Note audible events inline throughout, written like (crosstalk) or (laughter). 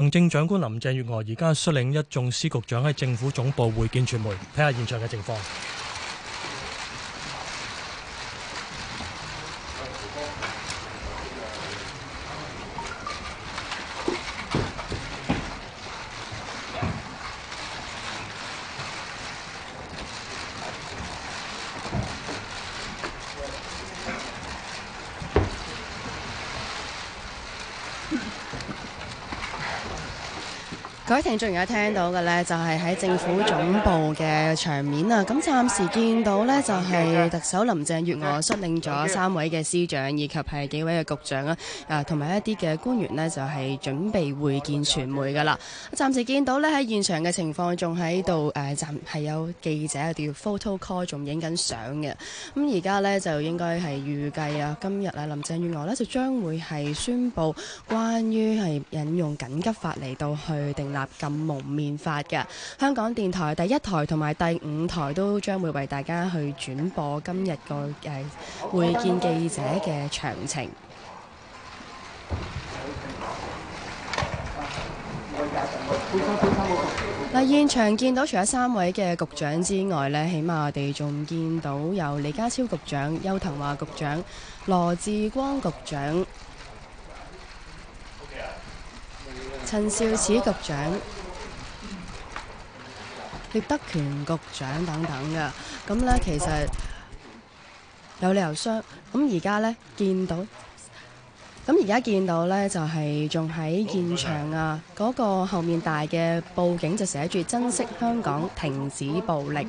行政長官林鄭月娥而家率領一眾司局長喺政府總部會見傳媒，睇下現場嘅情況。仲有聽到嘅呢，就係喺政府總部嘅場面啊！咁暫時見到呢，就係特首林鄭月娥率領咗三位嘅司長以及係幾位嘅局長啊，誒同埋一啲嘅官員呢，就係準備會見傳媒噶啦。暫時見到呢，喺現場嘅情況仲喺度誒，暫係有記者喺度，啊，叫 photo call，仲影緊相嘅。咁而家呢，就應該係預計啊，今日啊，林鄭月娥呢，就將會係宣布關於係引用緊急法嚟到去訂立。咁蒙面法嘅香港電台第一台同埋第五台都將會為大家去轉播今日個誒會見記者嘅詳情。嗱、okay.，現場見到除咗三位嘅局長之外呢起碼我哋仲見到有李家超局長、邱騰華局長、羅致光局長。陳肇始局長、聶德權局長等等嘅，咁咧其實有理由傷。咁而家咧見到，咁而家見到咧就係仲喺現場啊！嗰個後面大嘅布景就寫住珍惜香港，停止暴力。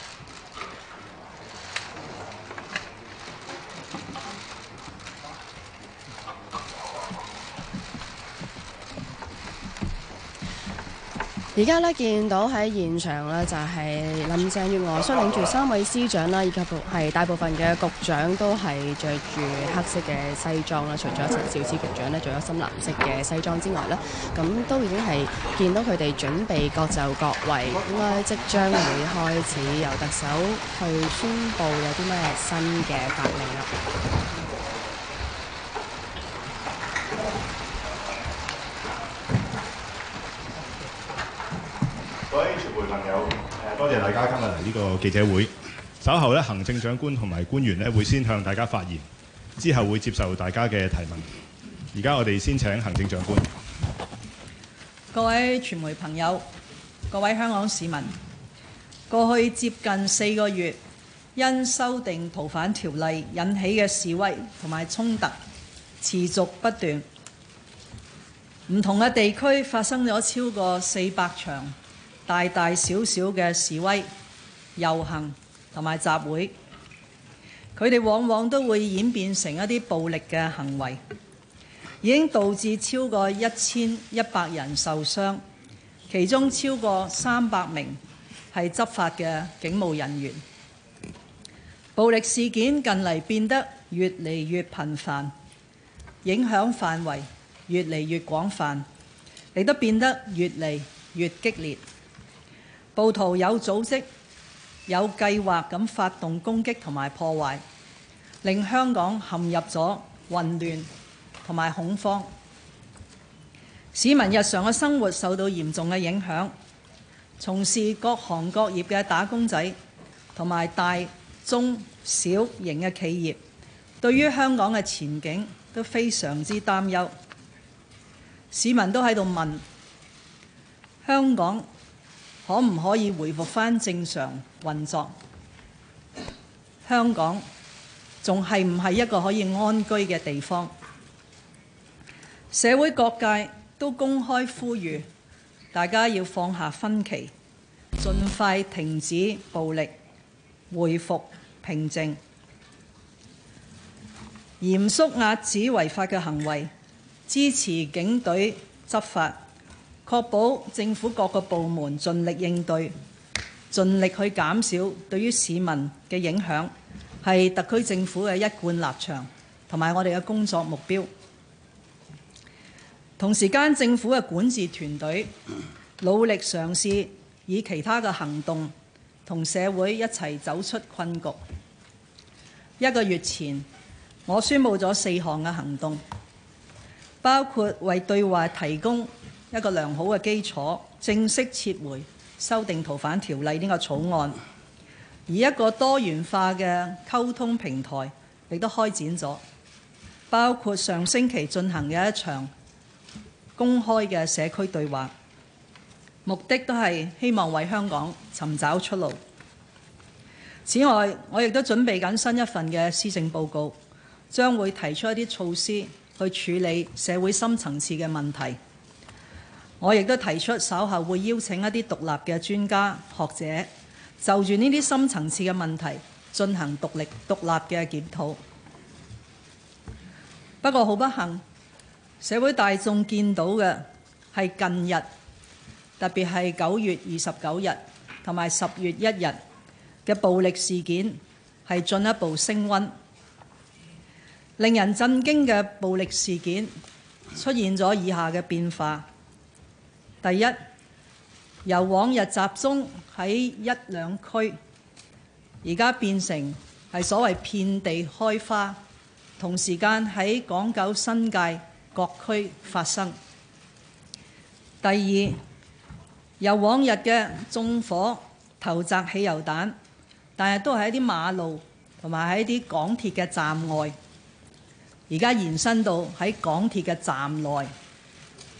而家咧見到喺現場呢，就係林鄭月娥率領住三位司長啦，以及部大部分嘅局長都係着住黑色嘅西裝啦，除咗陳肇始局長呢著咗深藍色嘅西裝之外呢，咁都已經係見到佢哋準備各就各位，應該即將會開始由特首去宣佈有啲咩新嘅法令啦。各位傳媒朋友，多謝大家今日嚟呢個記者會。稍後呢，行政長官同埋官員呢會先向大家發言，之後會接受大家嘅提問。而家我哋先請行政長官。各位傳媒朋友，各位香港市民，過去接近四個月，因修訂逃犯條例引起嘅示威同埋衝突持續不斷，唔同嘅地區發生咗超過四百場。大大小小嘅示威、遊行同埋集會，佢哋往往都會演變成一啲暴力嘅行為，已經導致超過一千一百人受傷，其中超過三百名係執法嘅警務人員。暴力事件近嚟變得越嚟越頻繁，影響範圍越嚟越廣泛，亦都變得越嚟越激烈。暴徒有組織、有計劃咁發動攻擊同埋破壞，令香港陷入咗混亂同埋恐慌，市民日常嘅生活受到嚴重嘅影響，從事各行各業嘅打工仔同埋大中小型嘅企業，對於香港嘅前景都非常之擔憂，市民都喺度問香港，可唔可以回復返正常運作？香港仲係唔係一個可以安居嘅地方？社會各界都公開呼籲大家要放下分歧，盡快停止暴力，回復平靜，嚴肅壓止違法嘅行為，支持警隊執法。確保政府各個部門盡力應對，盡力去減少對於市民嘅影響，係特區政府嘅一貫立場同埋我哋嘅工作目標。同時間，政府嘅管治團隊努力嘗試以其他嘅行動同社會一齊走出困局。一個月前，我宣佈咗四項嘅行動，包括為對話提供一個良好嘅基礎，正式撤回修訂逃犯條例呢個草案，而一個多元化嘅溝通平台亦都開展咗，包括上星期進行嘅一場公開嘅社區對話，目的都係希望為香港尋找出路。此外，我亦都準備緊新一份嘅施政報告，將會提出一啲措施去處理社會深層次嘅問題。我亦都提出稍後會邀請一啲獨立嘅專家學者就住呢啲深層次嘅問題進行獨立獨立嘅檢討。不過好不幸，社會大眾見到嘅係近日特別係九月二十九日同埋十月一日嘅暴力事件係進一步升温，令人震驚嘅暴力事件出現咗以下嘅變化。第一，由往日集中喺一兩區，而家變成係所謂遍地開花，同時間喺港九新界各區發生。第二，由往日嘅縱火、投擲汽油彈，但係都係一啲馬路同埋喺啲港鐵嘅站外，而家延伸到喺港鐵嘅站內。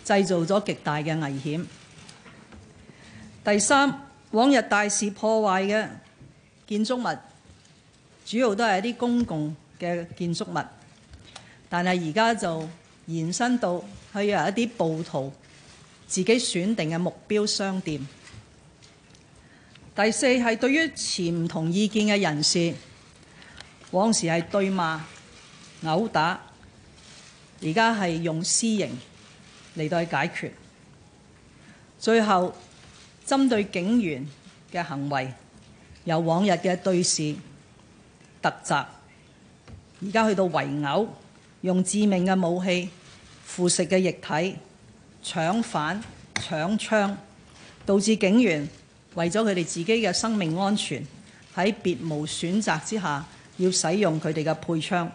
製造咗極大嘅危險。第三，往日大肆破壞嘅建築物，主要都係一啲公共嘅建築物，但係而家就延伸到去有一啲暴徒自己選定嘅目標商店。第四係對於持唔同意見嘅人士，往時係對罵、毆打，而家係用私刑。嚟到去解決。最後針對警員嘅行為，由往日嘅對峙、突襲，而家去到圍毆，用致命嘅武器、腐蝕嘅液體、搶犯、搶槍，導致警員為咗佢哋自己嘅生命安全，喺別無選擇之下要使用佢哋嘅配槍。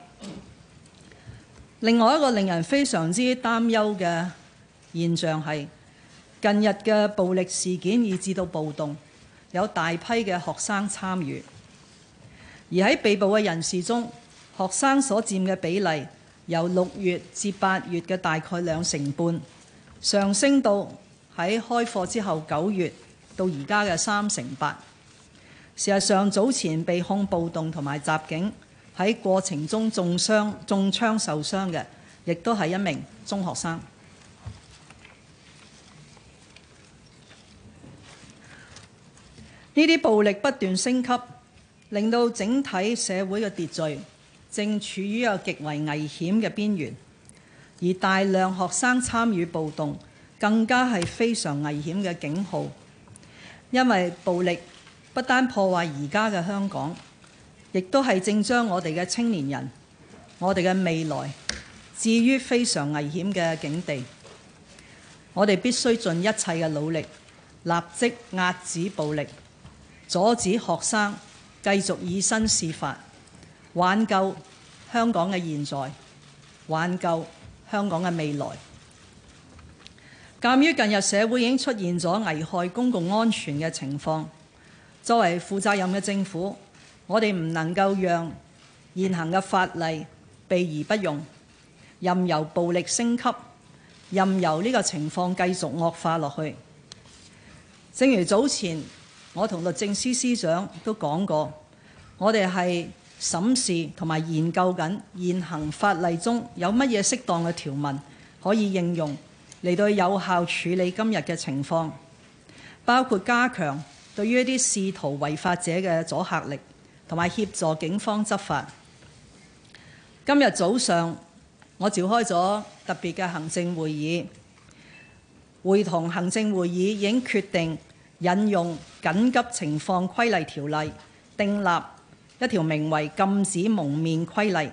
另外一個令人非常之擔憂嘅現象係近日嘅暴力事件以至到暴動，有大批嘅學生參與。而喺被捕嘅人士中，學生所佔嘅比例由六月至八月嘅大概兩成半，上升到喺開課之後九月到而家嘅三成八。事實上，早前被控暴動同埋襲警，喺過程中中傷、中槍受傷嘅，亦都係一名中學生。呢啲暴力不斷升級，令到整體社會嘅秩序正處於一個極為危險嘅邊緣，而大量學生參與暴動，更加係非常危險嘅警號。因為暴力不單破壞而家嘅香港，亦都係正將我哋嘅青年人、我哋嘅未來，置於非常危險嘅境地。我哋必須盡一切嘅努力，立即壓止暴力。阻止學生繼續以身試法，挽救香港嘅現在，挽救香港嘅未來。鑑於近日社會已經出現咗危害公共安全嘅情況，作為負責任嘅政府，我哋唔能夠讓現行嘅法例避而不用，任由暴力升級，任由呢個情況繼續惡化落去。正如早前，我同律政司司長都講過，我哋係審視同埋研究緊現行法例中有乜嘢適當嘅條文可以應用嚟到有效處理今日嘅情況，包括加強對於一啲試圖違法者嘅阻嚇力，同埋協助警方執法。今日早上我召開咗特別嘅行政會議，會同行政會議已經決定。引用緊急情況規例條例，訂立一條名為禁止蒙面規例，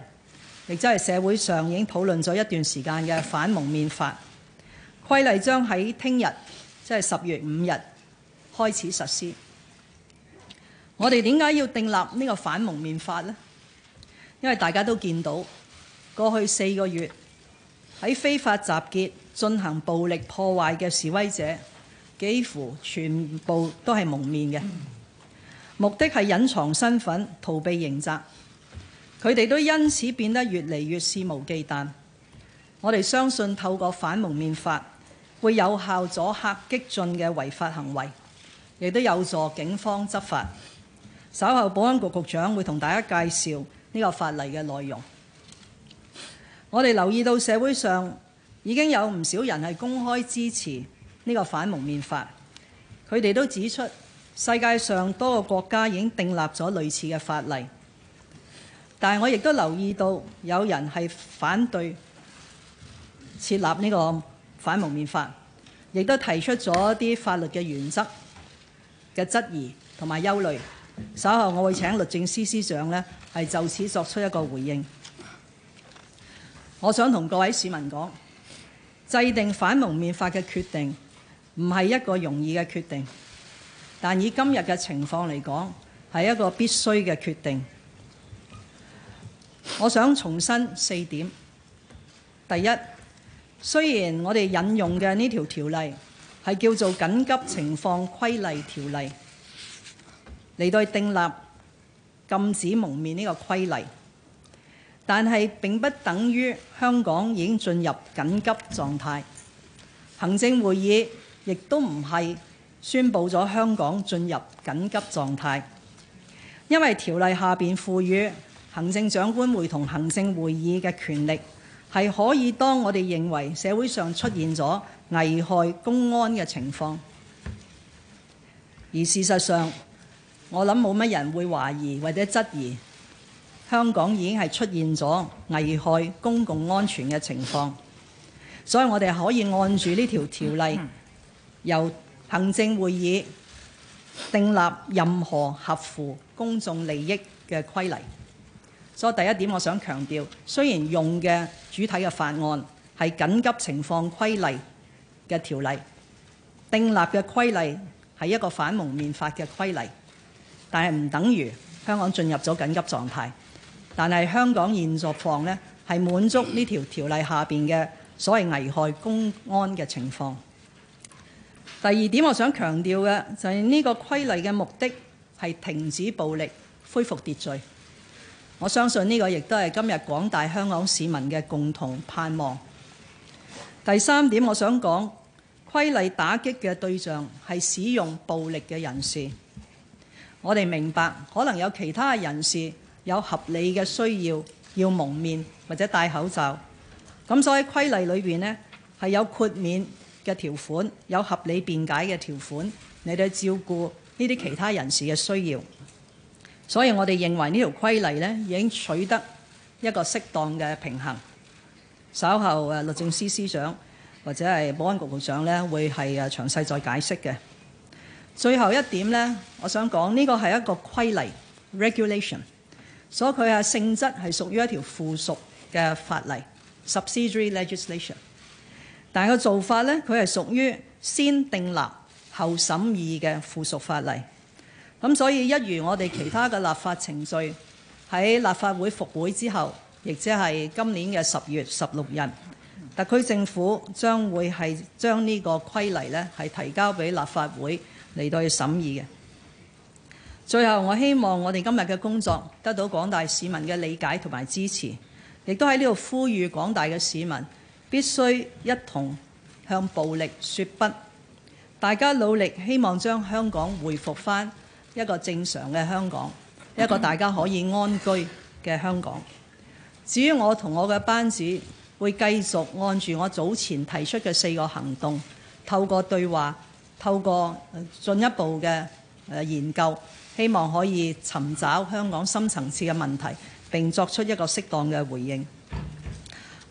亦即係社會上已經討論咗一段時間嘅反蒙面法。規例將在，將喺聽日，即係十月五日開始實施。我哋點解要訂立呢個反蒙面法呢？因為大家都見到過去四個月喺非法集結進行暴力破壞嘅示威者。幾乎全部都係蒙面嘅，目的係隱藏身份、逃避刑責。佢哋都因此變得越嚟越肆無忌憚。我哋相信透過反蒙面法會有效阻嚇激進嘅違法行為，亦都有助警方執法。稍後保安局局長會同大家介紹呢個法例嘅內容。我哋留意到社會上已經有唔少人係公開支持。呢個反蒙面法，佢哋都指出世界上多個國家已經訂立咗類似嘅法例，但係我亦都留意到有人係反對設立呢個反蒙面法，亦都提出咗一啲法律嘅原則嘅質疑同埋憂慮。稍後我會請律政司司長呢，係就此作出一個回應。我想同各位市民講，制定反蒙面法嘅決定，唔係一個容易嘅決定，但以今日嘅情況嚟講，係一個必須嘅決定。我想重申四點：第一，雖然我哋引用嘅呢條條例係叫做緊急情況規例條例，嚟到訂立禁止蒙面呢個規例，但係並不等於香港已經進入緊急狀態。行政會議亦都唔係宣佈咗香港進入緊急狀態，因為條例下面賦予行政長官會同行政會議嘅權力係可以，當我哋認為社會上出現咗危害公安嘅情況，而事實上我諗冇乜人會懷疑或者質疑香港已經係出現咗危害公共安全嘅情況，所以我哋可以按住呢條條例。由行政會議訂立任何合乎公眾利益嘅規例，所以第一點我想強調，雖然用嘅主體嘅法案係緊急情況規例嘅條例，訂立嘅規例係一個反蒙面法嘅規例，但係唔等於香港進入咗緊急狀態。但係香港現狀況呢，係滿足呢條條例下邊嘅所謂危害公安嘅情況。第二點我想強調嘅就係呢個規例嘅目的係停止暴力、恢復秩序。我相信呢個亦都係今日廣大香港市民嘅共同盼望。第三點我想講規例打擊嘅對象係使用暴力嘅人士。我哋明白可能有其他嘅人士有合理嘅需要要蒙面或者戴口罩，咁所以規例裏面呢，係有豁免。嘅條款，有合理辯解嘅條款，你哋照顧呢啲其他人士嘅需要，所以我哋認為呢條規例呢已經取得一個適當嘅平衡。稍後誒律政司司長或者係保安局局長呢，會係誒詳細再解釋嘅。最後一點呢，我想講呢個係一個規例 （regulation），所以佢嘅性質係屬於一條附屬嘅法例 （subsidiary legislation）。但係個做法呢，佢係屬於先訂立後審議嘅附屬法例。咁所以一如我哋其他嘅立法程序，喺立法會復會之後，亦即係今年嘅十月十六日，特區政府將會係將呢個規例呢係提交俾立法會嚟到去審議嘅。最後，我希望我哋今日嘅工作得到廣大市民嘅理解同埋支持，亦都喺呢度呼籲廣大嘅市民。必須一同向暴力說不，大家努力，希望將香港回復返一個正常嘅香港，一個大家可以安居嘅香港。至於我同我嘅班子會繼續按住我早前提出嘅四個行動，透過對話，透過進一步嘅誒研究，希望可以尋找香港深層次嘅問題，並作出一個適當嘅回應。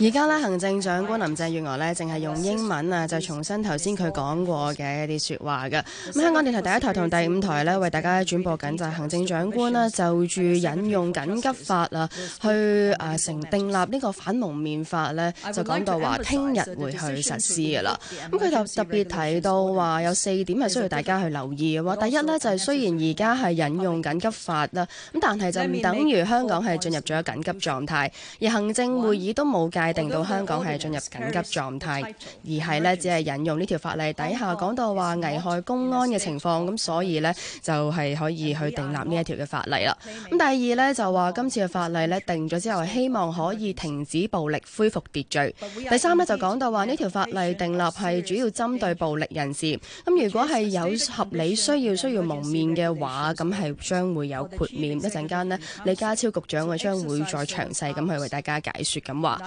而家咧，行政長官林鄭月娥咧，淨係用英文啊，就重申頭先佢講過嘅一啲説話嘅。咁香港電台第一台同第五台咧，為大家轉播緊就係行政長官咧就住引用緊急法啊，去啊成訂立呢個反蒙面法咧，就講到話聽日會去實施嘅啦。咁佢就特別提到話有四點係需要大家去留意嘅，第一咧就係雖然而家係引用緊急法啦，咁但係就唔等於香港係進入咗緊急狀態，而行政會。會議都冇界定到香港係進入緊急狀態，而係呢只係引用呢條法例底下講到話危害公安嘅情況，咁、嗯、所以呢，就係、是、可以去訂立呢一條嘅法例啦。咁、嗯、第二呢，就話今次嘅法例呢定咗之後，希望可以停止暴力、恢復秩序。第三呢，就講到話呢條法例訂立係主要針對暴力人士。咁、嗯、如果係有合理需要需要蒙面嘅話，咁係將會有豁免。一陣間呢，李家超局長啊將會再詳細咁去為大家解。說咁話。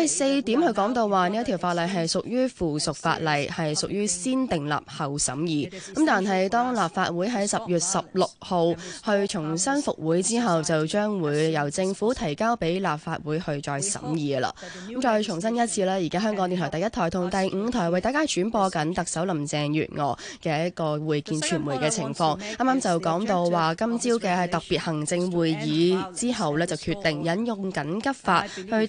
第四點，佢講到話呢一條法例係屬於附屬法例，係屬於先訂立後審議。咁但係當立法會喺十月十六號去重新復會之後，就將會由政府提交俾立法會去再審議啦。咁再重申一次啦，而家香港電台第一台同第五台為大家轉播緊特首林鄭月娥嘅一個會見傳媒嘅情況。啱啱就講到話，今朝嘅係特別行政會議之後呢就決定引用緊急法去。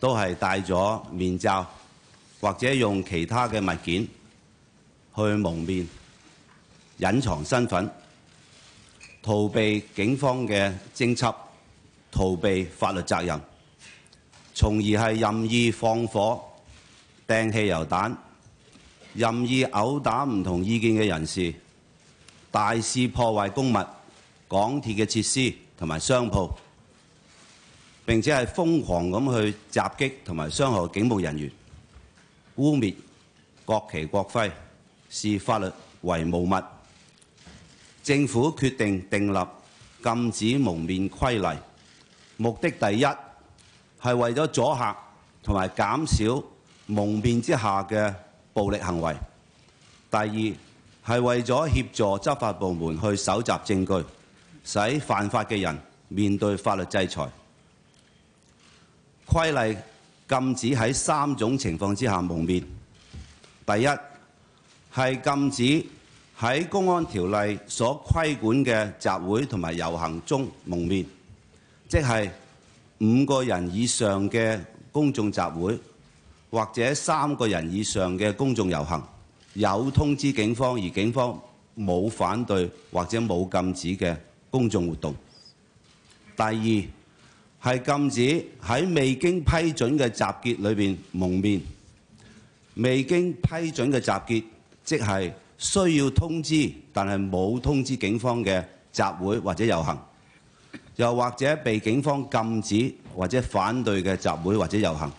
都係戴咗面罩，或者用其他嘅物件去蒙面、隱藏身份、逃避警方嘅偵測、逃避法律責任，從而係任意放火、掟汽油彈、任意毆打唔同意見嘅人士，大肆破壞公物、港鐵嘅設施同埋商鋪。並且係瘋狂咁去襲擊同埋傷害警務人員，污蔑國旗國徽，視法律為無物。政府決定訂立禁止蒙面規例，目的第一係為咗阻嚇同埋減少蒙面之下嘅暴力行為；第二係為咗協助執法部門去搜集證據，使犯法嘅人面對法律制裁。規例禁止喺三種情況之下蒙面。第一，係禁止喺公安條例所規管嘅集會同埋遊行中蒙面，即係五個人以上嘅公眾集會或者三個人以上嘅公眾遊行，有通知警方，而警方冇反對或者冇禁止嘅公眾活動。第二，係禁止喺未經批准嘅集結裏面蒙面。未經批准嘅集結，即係需要通知，但係冇通知警方嘅集會或者遊行，又或者被警方禁止或者反對嘅集會或者遊行，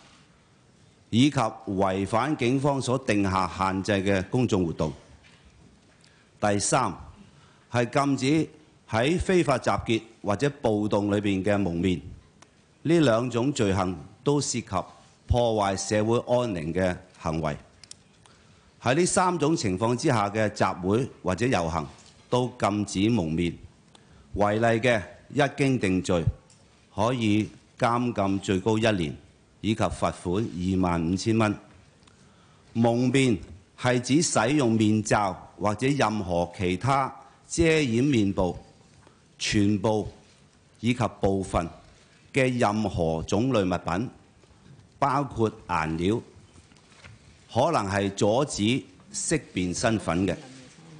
以及違反警方所定下限制嘅公眾活動。第三，係禁止喺非法集結或者暴動裏面嘅蒙面。呢兩種罪行都涉及破壞社會安寧嘅行為。喺呢三種情況之下嘅集會或者遊行都禁止蒙面，違例嘅，一經定罪可以監禁最高一年，以及罰款二萬五千蚊。蒙面係指使用面罩或者任何其他遮掩面部全部以及部分嘅任何種類物品，包括顏料，可能係阻止識別身份嘅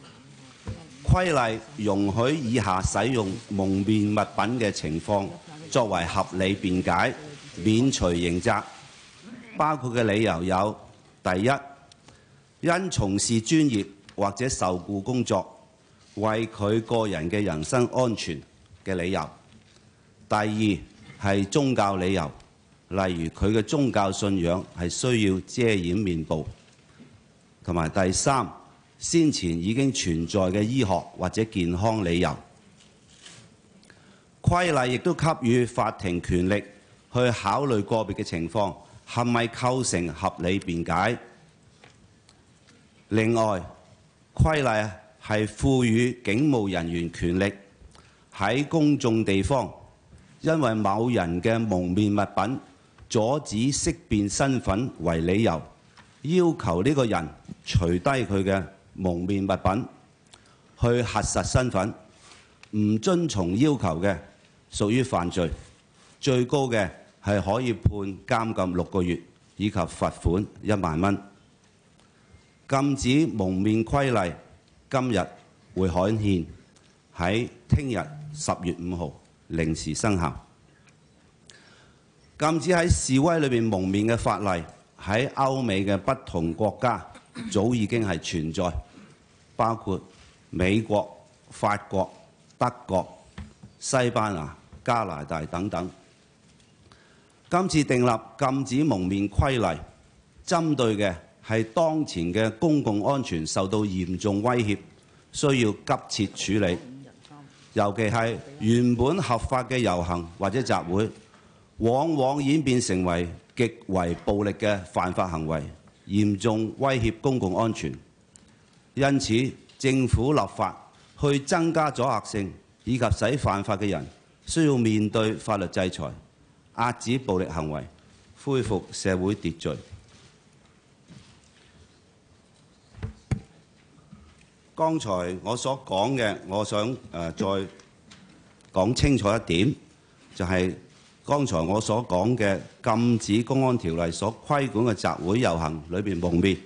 (noise) 規例，容許以下使用蒙面物品嘅情況作為合理辯解，免除刑責。包括嘅理由有：第一，因從事專業或者受雇工作，為佢個人嘅人身安全嘅理由；第二，係宗教理由，例如佢嘅宗教信仰係需要遮掩面部，同埋第三，先前已經存在嘅醫學或者健康理由。規例亦都給予法庭權力去考慮個別嘅情況，係咪構成合理辯解，解。另外，規例係賦予警務人員權力喺公眾地方。因為某人嘅蒙面物品阻止識別身份為理由，要求呢個人除低佢嘅蒙面物品去核實身份，唔遵從要求嘅屬於犯罪，最高嘅係可以判監禁六個月以及罰款一萬蚊。禁止蒙面規例今日會刊憲，喺聽日十月五號。零時生效，禁止喺示威裏面蒙面嘅法例喺歐美嘅不同國家早已經係存在，包括美國、法國、德國、西班牙、加拿大等等。今次訂立禁止蒙面規例，針對嘅係當前嘅公共安全受到嚴重威脅，需要急切處理。尤其係原本合法嘅遊行或者集會，往往演變成為極為暴力嘅犯法行為，嚴重威脅公共安全。因此，政府立法去增加阻嚇性，以及使犯法嘅人需要面對法律制裁，壓止暴力行為，恢復社會秩序。剛才我所講嘅，我想誒再講清楚一點，就係剛才我所講嘅禁止公安條例所規管嘅集會遊行裏邊蒙面，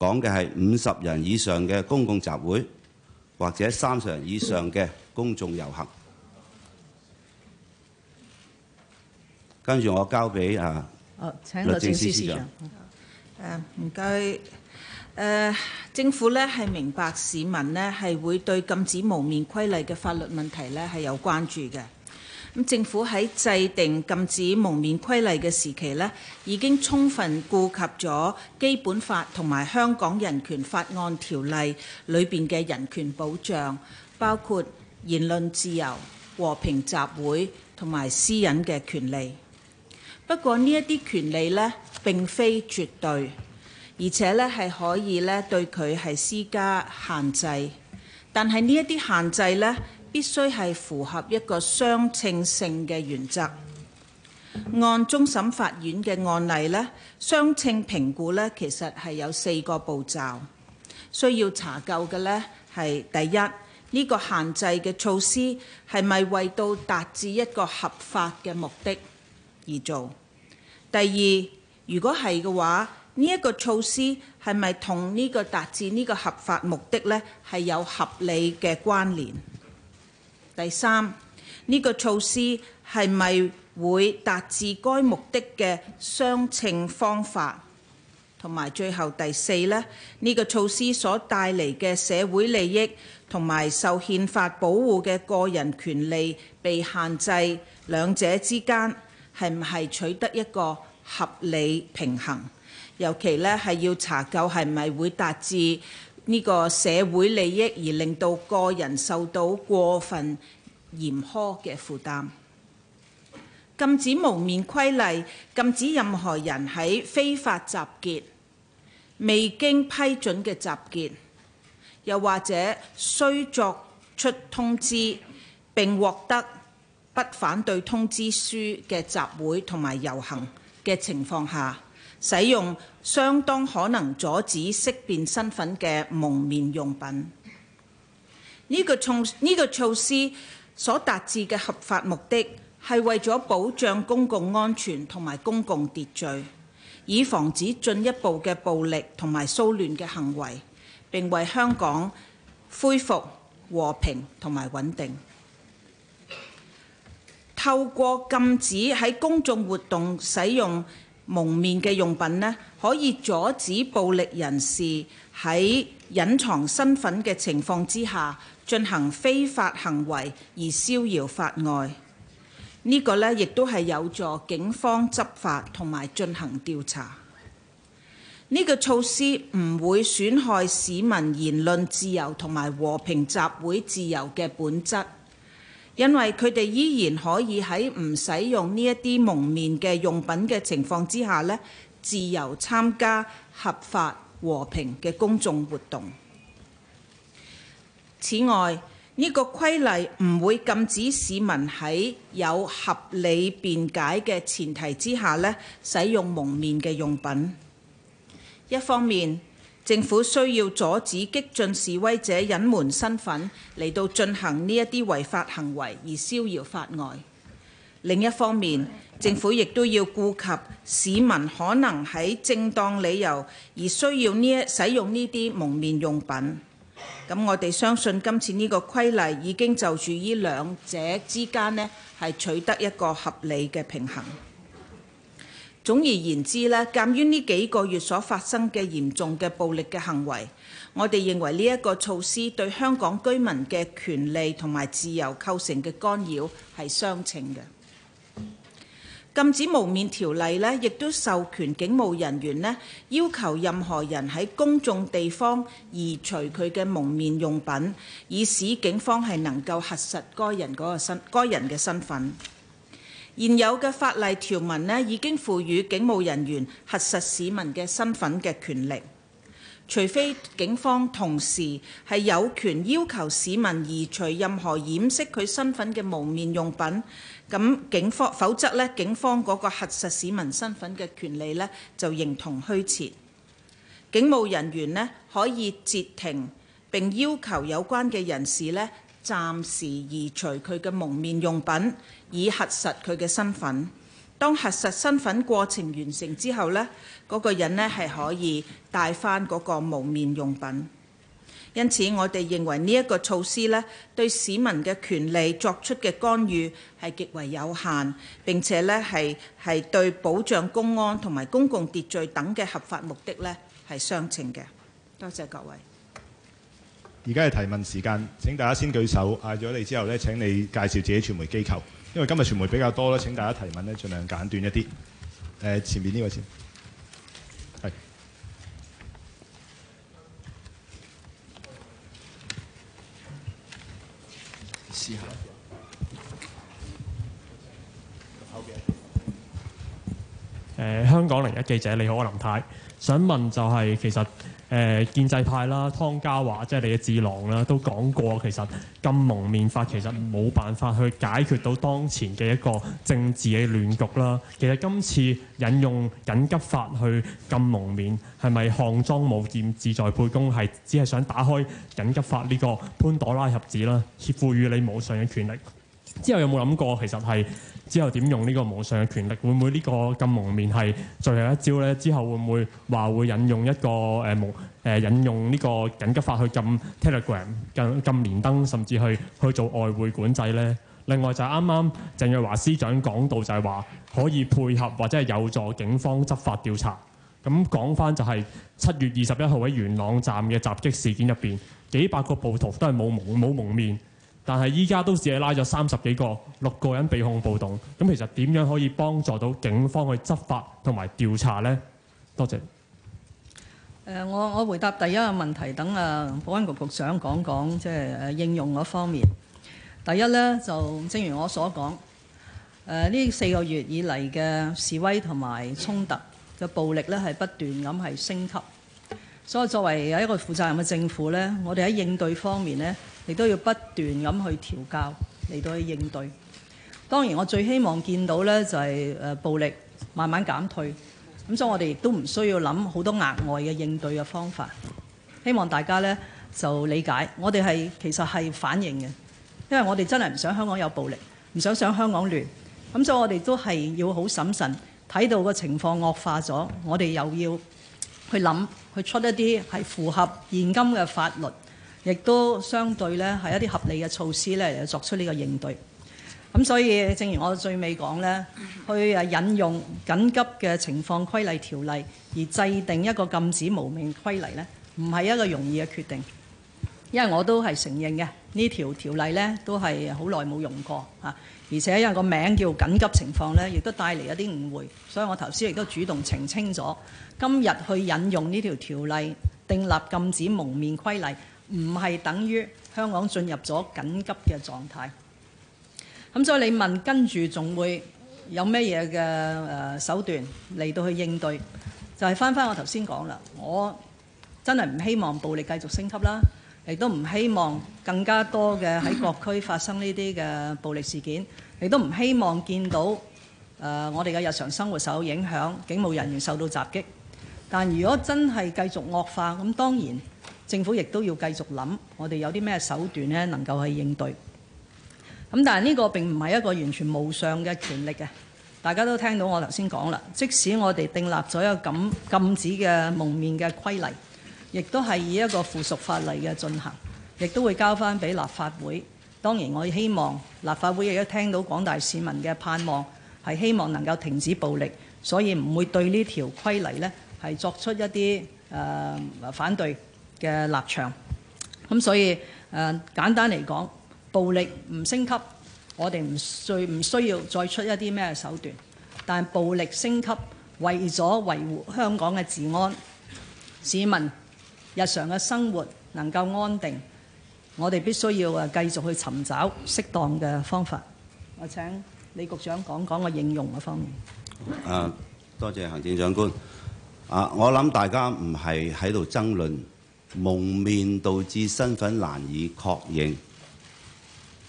講嘅係五十人以上嘅公共集會或者三十人以上嘅公眾遊行。跟住我交俾啊律政司司長，誒唔該。誒，uh，政府咧係明白市民呢係會對禁止蒙面規例嘅法律問題呢係有關注嘅。咁政府喺制定禁止蒙面規例嘅時期呢，已經充分顧及咗《基本法》同埋《香港人權法案條例》裏邊嘅人權保障，包括言論自由、和平集會同埋私隱嘅權利。不過呢一啲權利呢，並非絕對。而且咧係可以咧對佢係施加限制，但係呢一啲限制呢，必須係符合一個相稱性嘅原則。按終審法院嘅案例呢，相稱評估呢其實係有四個步驟需要查究嘅呢係第一呢、呢個限制嘅措施係咪為到達至一個合法嘅目的而做？第二，如果係嘅話。呢一個措施係咪同呢個達至呢個合法目的呢係有合理嘅關聯？第三，呢個措施係咪會達至該目的嘅相稱方法？同埋最後第四呢，呢個措施所帶嚟嘅社會利益同埋受憲法保護嘅個人權利被限制，兩者之間係唔係取得一個合理平衡？尤其咧係要查究係咪會達至呢個社會利益，而令到個人受到過分嚴苛嘅負擔。禁止蒙面規例，禁止任何人喺非法集結、未經批准嘅集結，又或者須作出通知並獲得不反對通知書嘅集會同埋遊行嘅情況下，使用相當可能阻止識別身份嘅蒙面用品，呢個措呢個措施所達至嘅合法目的係為咗保障公共安全同埋公共秩序，以防止進一步嘅暴力同埋騷亂嘅行為，並為香港恢復和平同埋穩定。透過禁止喺公眾活動使用蒙面嘅用品呢，可以阻止暴力人士喺隱藏身份嘅情況之下進行非法行為而逍遙法外。呢個呢，亦都係有助警方執法同埋進行調查。呢個措施唔會損害市民言論自由同埋和平集會自由嘅本質。因為佢哋依然可以喺唔使用呢一啲蒙面嘅用品嘅情況之下呢，自由參加合法和平嘅公眾活動。此外，呢、這個規例唔會禁止市民喺有合理辯解嘅前提之下呢，使用蒙面嘅用品。一方面，政府需要阻止激進示威者隱瞞身份嚟到進行呢一啲違法行為而逍遙法外。另一方面，政府亦都要顧及市民可能喺正當理由而需要呢使用呢啲蒙面用品。咁我哋相信今次呢個規例已經就住於兩者之間呢係取得一個合理嘅平衡。總而言之，呢鑑於呢幾個月所發生嘅嚴重嘅暴力嘅行為，我哋認為呢一個措施對香港居民嘅權利同埋自由構成嘅干擾係相稱嘅。禁止蒙面條例呢，亦都授權警務人員呢，要求任何人喺公眾地方移除佢嘅蒙面用品，以使警方係能夠核實該人嗰個身該人嘅身份。現有嘅法例條文呢，已經賦予警務人員核實市民嘅身份嘅權力。除非警方同時係有權要求市民移除任何掩飾佢身份嘅蒙面用品，咁警方否則呢，警方嗰個核實市民身份嘅權利呢，就形同虛設。警務人員呢，可以截停並要求有關嘅人士呢，暫時移除佢嘅蒙面用品，以核實佢嘅身份。當核實身份過程完成之後呢，嗰個人呢係可以帶翻嗰個蒙面用品。因此，我哋認為呢一個措施呢對市民嘅權利作出嘅干預係極為有限，並且呢係係對保障公安同埋公共秩序等嘅合法目的呢係相稱嘅。多謝各位。而家係提問時間，請大家先舉手，嗌咗你之後咧，請你介紹自己傳媒機構，因為今日傳媒比較多啦。請大家提問咧，盡量簡短一啲。誒，前面呢個先，係。試下後邊。誒，香港01記者，你好，阿林太，想問就係其實。誒、呃、建制派啦，湯家驊即係你嘅智囊啦，都講過其實禁蒙面法其實冇辦法去解決到當前嘅一個政治嘅亂局啦。其實今次引用緊急法去禁蒙面，係咪項莊舞劍，志在沛公，係只係想打開緊急法呢個潘朵拉盒子啦，賦予你無上嘅權力。之後有冇諗過其實係？之後點用呢個無上嘅權力？會唔會呢個禁蒙面係最後一招呢？之後會唔會話會引用一個誒蒙誒引用呢個緊急法去禁 Telegram 按、禁禁連登，甚至去去做外匯管制呢？另外就係啱啱鄭若驊司長講到就係話可以配合或者係有助警方執法調查。咁講返就係七月二十一號喺元朗站嘅襲擊事件入邊，幾百個暴徒都係冇蒙冇蒙面。但係依家都只係拉咗三十幾個六個人被控暴動，咁其實點樣可以幫助到警方去執法同埋調查呢？多謝。誒，我我回答第一個問題，等啊保安局局長講講即係應用嗰方面。第一呢，就正如我所講，誒呢四個月以嚟嘅示威同埋衝突嘅暴力呢係不斷咁係升級，所以作為有一個負責任嘅政府呢，我哋喺應對方面呢，亦都要不斷咁去調教嚟到去應對。當然，我最希望見到呢就係暴力慢慢減退。咁所以，我哋亦都唔需要諗好多額外嘅應對嘅方法。希望大家呢就理解，我哋係其實係反應嘅，因為我哋真係唔想香港有暴力，唔想上香港亂。咁所以，我哋都係要好審慎睇到個情況惡化咗，我哋又要去諗去出一啲係符合現今嘅法律。亦都相對咧係一啲合理嘅措施咧嚟作出呢個應對。咁所以，正如我最尾講咧，去誒引用緊急嘅情況規例條例而制定一個禁止蒙面規例呢唔係一個容易嘅決定，因為我都係承認嘅呢條條例呢都係好耐冇用過啊，而且因為個名叫緊急情況呢亦都帶嚟一啲誤會，所以我頭先亦都主動澄清咗。今日去引用呢條條例訂立禁止蒙面規例。唔係等於香港進入咗緊急嘅狀態。咁所以你問跟住仲會有咩嘢嘅誒手段嚟到去應對？就係返返我頭先講啦，我真係唔希望暴力繼續升級啦，亦都唔希望更加多嘅喺各區發生呢啲嘅暴力事件，亦都唔希望見到誒我哋嘅日常生活受到影響，警務人員受到襲擊。但如果真係繼續惡化，咁當然。政府亦都要繼續諗，我哋有啲咩手段呢，能夠去應對咁。但係呢個並唔係一個完全無上嘅權力嘅，大家都聽到我頭先講啦。即使我哋訂立咗一個禁禁止嘅蒙面嘅規例，亦都係以一個附屬法例嘅進行，亦都會交翻俾立法會。當然，我希望立法會亦都聽到廣大市民嘅盼望係，希望能夠停止暴力，所以唔會對呢條規例呢係作出一啲誒、呃、反對嘅立場，咁所以誒簡單嚟講，暴力唔升級，我哋唔需唔需要再出一啲咩手段，但暴力升級，為咗維護香港嘅治安、市民日常嘅生活能夠安定，我哋必須要誒繼續去尋找適當嘅方法。我請李局長講講個應用嘅方面。啊，多謝行政長官。啊，我諗大家唔係喺度爭論。蒙面導致身份難以確認，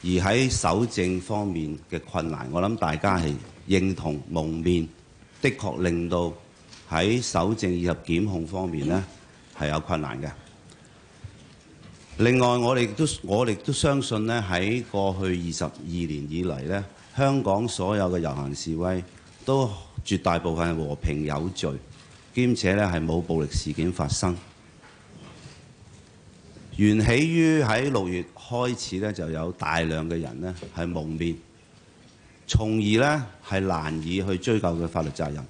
而喺搜證方面嘅困難，我諗大家係認同蒙面的確令到喺搜證以及檢控方面呢係有困難嘅。另外，我哋都我哋都相信呢，喺過去二十二年以嚟呢，香港所有嘅遊行示威都絕大部分和平有序，兼且呢係冇暴力事件發生。源起於喺六月開始咧，就有大量嘅人呢係蒙面，從而呢係難以去追究佢嘅法律責任。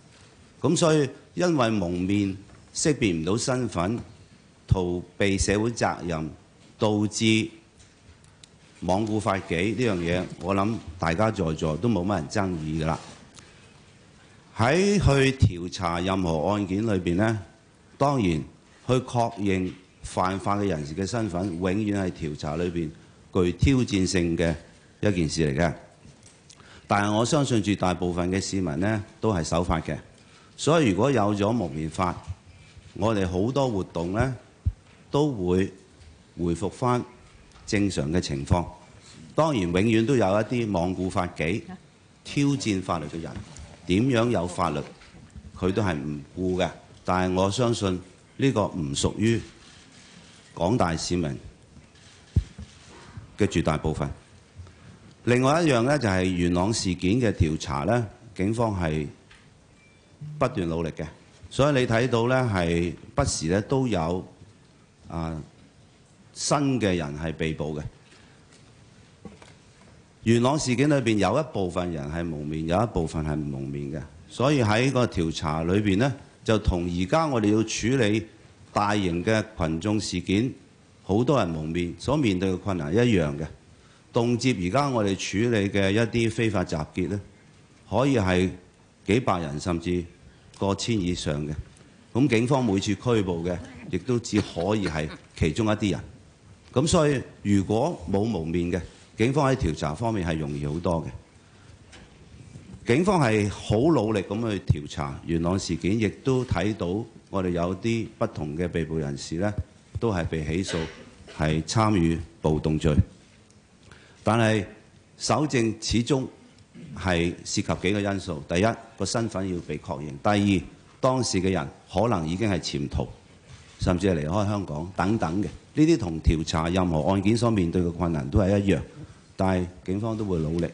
咁所以因為蒙面識別唔到身份，逃避社會責任，導致罔顧法紀呢樣嘢，我諗大家在座都冇乜人爭議㗎喇。喺去調查任何案件裏邊呢，當然去確認。犯法嘅人士嘅身份，永遠係調查裏面具挑戰性嘅一件事嚟嘅。但係我相信絕大部分嘅市民呢都係守法嘅。所以如果有咗蒙面法，我哋好多活動呢都會回復翻正常嘅情況。當然，永遠都有一啲罔顧法紀、挑戰法律嘅人，點樣有法律佢都係唔顧嘅。但係我相信呢個唔屬於。廣大市民嘅絕大部分，另外一樣咧就係元朗事件嘅調查咧，警方係不斷努力嘅，所以你睇到咧係不時咧都有啊新嘅人係被捕嘅。元朗事件裏面有一部分人係蒙面，有一部分係唔蒙面嘅，所以喺個調查裏面咧，就同而家我哋要處理。大型嘅群眾事件，好多人蒙面，所面對嘅困難一樣嘅。動接而家我哋處理嘅一啲非法集結咧，可以係幾百人甚至過千以上嘅。咁警方每次拘捕嘅，亦都只可以係其中一啲人。咁所以如果冇蒙面嘅，警方喺調查方面係容易好多嘅。警方係好努力咁去調查元朗事件，亦都睇到。我哋有啲不同嘅被捕人士呢，都係被起訴，係參與暴動罪。但係搜證始終係涉及幾個因素：第一，個身份要被確認；第二，當時嘅人可能已經係潛逃，甚至係離開香港等等嘅。呢啲同調查任何案件所面對嘅困難都係一樣。但係警方都會努力。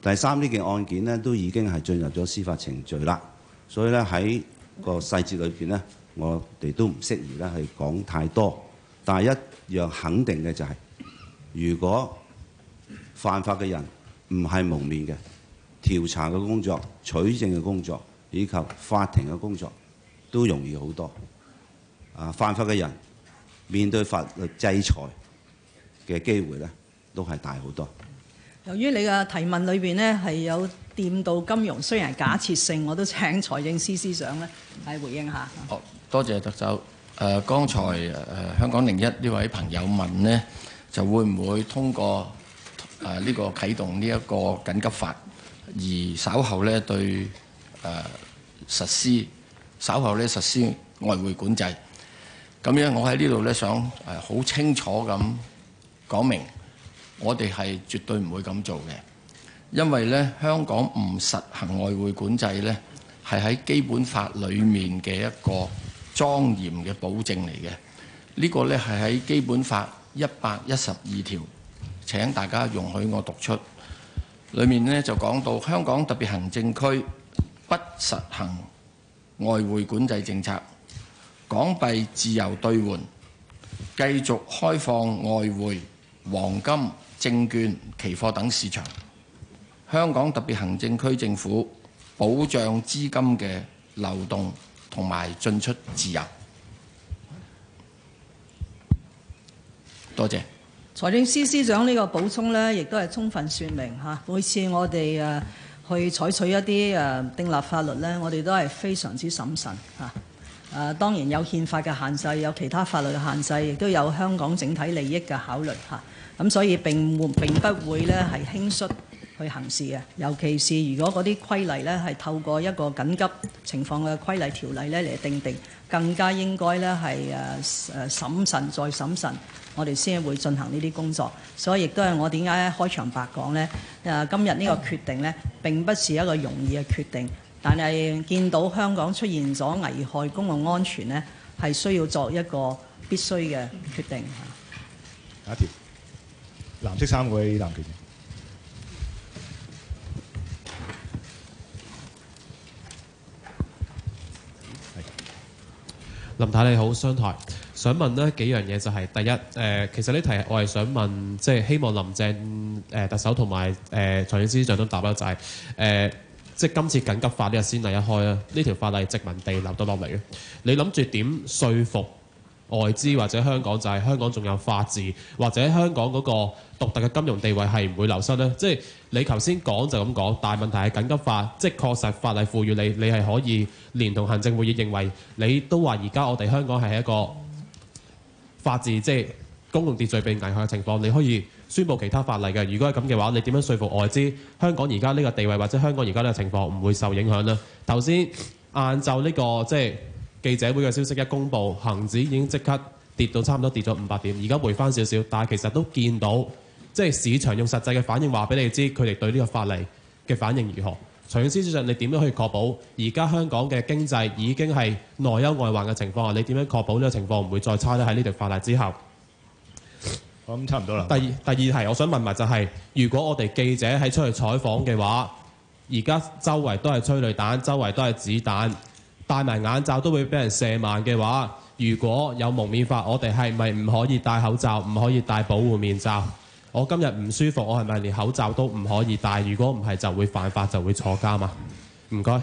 第三，呢件案件呢，都已經係進入咗司法程序啦，所以呢，喺個細節裏邊咧，我哋都唔適宜咧係講太多。但係一樣肯定嘅就係，如果犯法嘅人唔係蒙面嘅，調查嘅工作、取證嘅工作以及法庭嘅工作都容易好多。啊，犯法嘅人面對法律制裁嘅機會咧，都係大好多。由於你嘅提問裏邊呢，係有，掂到金融，雖然係假設性，我都請財政司司長咧係回應一下。好多謝特首。誒、呃，剛才誒、呃、香港01呢位朋友問呢，就會唔會通過誒呢、呃這個啟動呢一個緊急法，而稍後咧對誒、呃、實施，稍後咧實施外匯管制。咁樣我喺呢度咧想誒好清楚咁講明，我哋係絕對唔會咁做嘅。因為咧，香港唔實行外匯管制咧，係喺基本法裏面嘅一個莊嚴嘅保證嚟嘅。呢個咧係喺基本法一百一十二條。請大家容許我讀出，裏面咧就講到香港特別行政區不實行外匯管制政策，港幣自由兌換，繼續開放外匯、黃金、證券、期貨等市場。香港特別行政區政府保障資金嘅流動同埋進出自由。多謝，謝財政司司長呢個補充呢，亦都係充分説明嚇。每次我哋誒去採取一啲誒訂立法律呢，我哋都係非常之審慎嚇。誒、啊、當然有憲法嘅限制，有其他法律嘅限制，亦都有香港整體利益嘅考慮嚇。咁、啊、所以並、並不會咧係輕率。去行事啊，尤其是如果嗰啲規例咧係透過一個緊急情況嘅規例條例咧嚟，定定，更加應該咧係誒誒，審慎再審慎，我哋先會進行呢啲工作。所以亦都係我點解開場白講咧？誒今日呢個決定咧並不是一個容易嘅決定，但係見到香港出現咗危害公共安全咧，係需要作一個必須嘅決定。吓。一條，藍色衫位藍田。林太，太你好，商台想問呢幾樣嘢就係、是、第一，呃、其實呢題我係想問，即係希望林鄭、呃、特首同埋呃財政司長都答啦，就係、是呃、即係今次緊急法呢個先例一開啊，呢條法例殖民地留低落嚟嘅，你諗住點說服？外資或者香港就係香港仲有法治，或者香港嗰個獨特嘅金融地位係唔會流失呢？即係你頭先講就咁講，大問題係緊急法，即係確實法例賦予你，你係可以連同行政會議認為，你都話而家我哋香港係一個法治，即係公共秩序被危害嘅情況，你可以宣布其他法例嘅。如果係咁嘅話，你點樣說服外資？香港而家呢個地位或者香港而家呢個情況唔會受影響呢？頭先晏晝呢個即係。就是記者會嘅消息一公布，恒指已經即刻跌到差唔多跌咗五百點，而家回翻少少，但係其實都見到，即係市場用實際嘅反應話俾你知，佢哋對呢個法例嘅反應如何。從經濟上，你點樣可以確保而家香港嘅經濟已經係內憂外患嘅情況下，你點樣確保呢個情況唔會再差得喺呢條法例之後，咁差唔多啦。第二第二題，我想問埋就係、是，如果我哋記者喺出去採訪嘅話，而家周圍都係催淚彈，周圍都係子彈。戴埋眼罩都會俾人射盲嘅話，如果有蒙面法，我哋係咪唔可以戴口罩，唔可以戴保護面罩？我今日唔舒服，我係咪連口罩都唔可以戴？如果唔係，就會犯法，就會坐監嘛？唔該、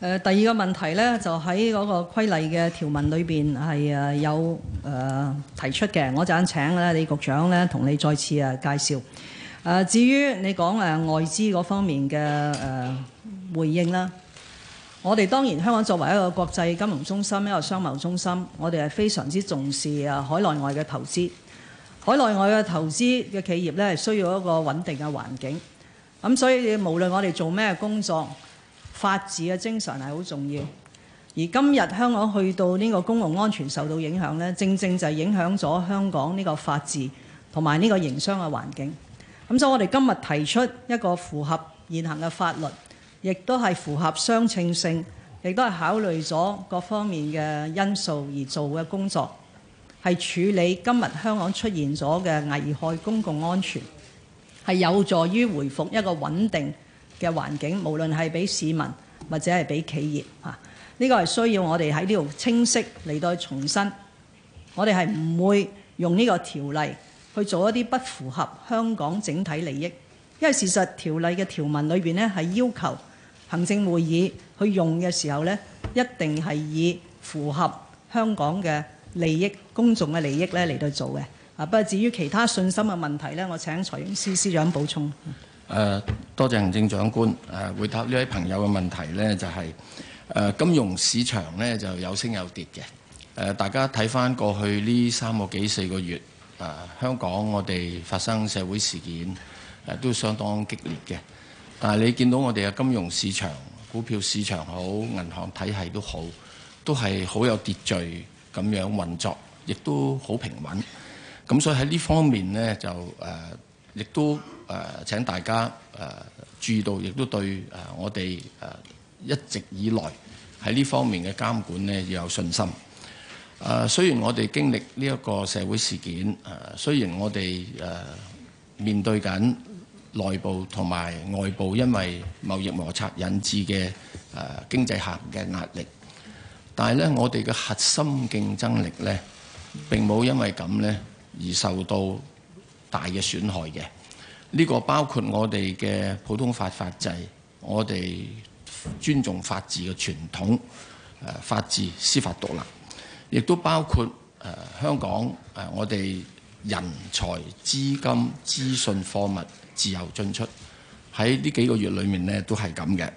呃。第二個問題呢，就喺嗰個規例嘅條文裏面，係、呃、有提出嘅。我就想請李局長呢，同你再次介紹、呃。至於你講、呃、外資嗰方面嘅、呃、回應啦。我哋當然香港作為一個國際金融中心、一個商貿中心，我哋係非常之重視啊海內外嘅投資。海內外嘅投資嘅企業咧，係需要一個穩定嘅環境。咁所以無論我哋做咩工作，法治嘅精神係好重要。而今日香港去到呢個公共安全受到影響咧，正正就係影響咗香港呢個法治同埋呢個營商嘅環境。咁所以我哋今日提出一個符合現行嘅法律。亦都係符合相稱性，亦都係考慮咗各方面嘅因素而做嘅工作，係處理今日香港出現咗嘅危害公共安全，係有助於回復一個穩定嘅環境，無論係俾市民或者係俾企業嚇。呢個係需要我哋喺呢度清晰嚟到重申。我哋係唔會用呢個條例去做一啲不符合香港整體利益，因為事實條例嘅條文裏面呢係要求。行政會議去用嘅時候呢，一定係以符合香港嘅利益、公眾嘅利益咧嚟到做嘅。啊，不過至於其他信心嘅問題呢，我請財政司司長補充、啊。多謝行政長官誒、啊、回答呢位朋友嘅問題呢、就是，就係誒金融市場呢就有升有跌嘅。誒、啊，大家睇翻過去呢三個幾四個月誒、啊，香港我哋發生社會事件、啊、都相當激烈嘅。但係你見到我哋嘅金融市場、股票市場好、銀行體系都好，都係好有秩序咁樣運作，亦都好平穩。咁所以喺呢方面呢，就誒亦、呃、都誒、呃、請大家誒、呃、注意到，亦都對誒、呃、我哋誒、呃、一直以來喺呢方面嘅監管呢要有信心。誒、呃、雖然我哋經歷呢一個社會事件，誒、呃、雖然我哋誒、呃、面對緊內部同埋外部，因為貿易摩擦引致嘅誒經濟下行嘅壓力，但係咧，我哋嘅核心競爭力咧並冇因為咁咧而受到大嘅損害嘅。呢個包括我哋嘅普通法法制，我哋尊重法治嘅傳統誒，法治、司法獨立，亦都包括誒香港誒我哋人才、資金、資訊、貨物，自由進出，喺呢幾個月裏面呢，都係咁嘅，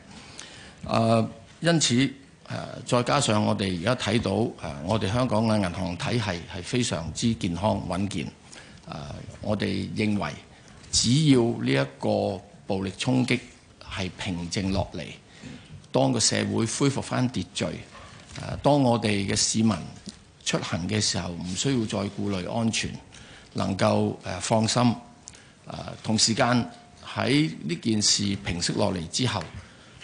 啊，因此誒、呃，再加上我哋而家睇到誒、呃，我哋香港嘅銀行體系係非常之健康穩健，啊、呃，我哋認為只要呢一個暴力衝擊係平靜落嚟，當個社會恢復翻秩序，呃、當我哋嘅市民出行嘅時候唔需要再顧慮安全，能夠誒、呃、放心。同時間喺呢件事平息落嚟之後，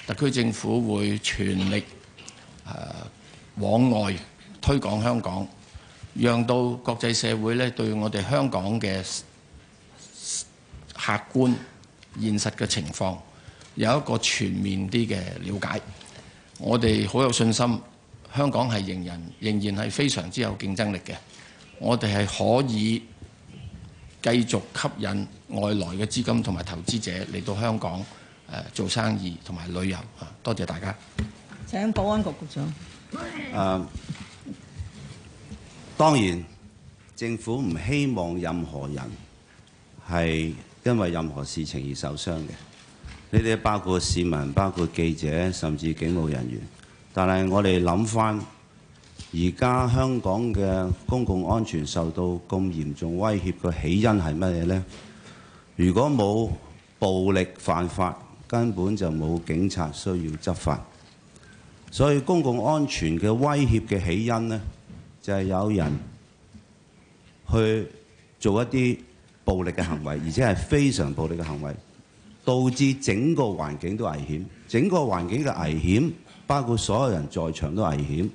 特區政府會全力往外推廣香港，讓到國際社會呢對我哋香港嘅客觀現實嘅情況有一個全面啲嘅了解。我哋好有信心，香港係仍然仍然係非常之有競爭力嘅。我哋係可以繼續吸引。外來嘅資金同埋投資者嚟到香港，呃、做生意同埋旅遊啊！多謝大家。請保安局局長誒、呃，當然政府唔希望任何人係因為任何事情而受傷嘅。你哋包括市民、包括記者，甚至警務人員。但係我哋諗翻而家香港嘅公共安全受到咁嚴重威脅嘅起因係乜嘢呢？如果冇暴力犯法，根本就冇警察需要執法。所以公共安全嘅威脅嘅起因呢，就係有人去做一啲暴力嘅行為，而且係非常暴力嘅行為，導致整個環境都危險。整個環境嘅危險，包括所有人在場都危險，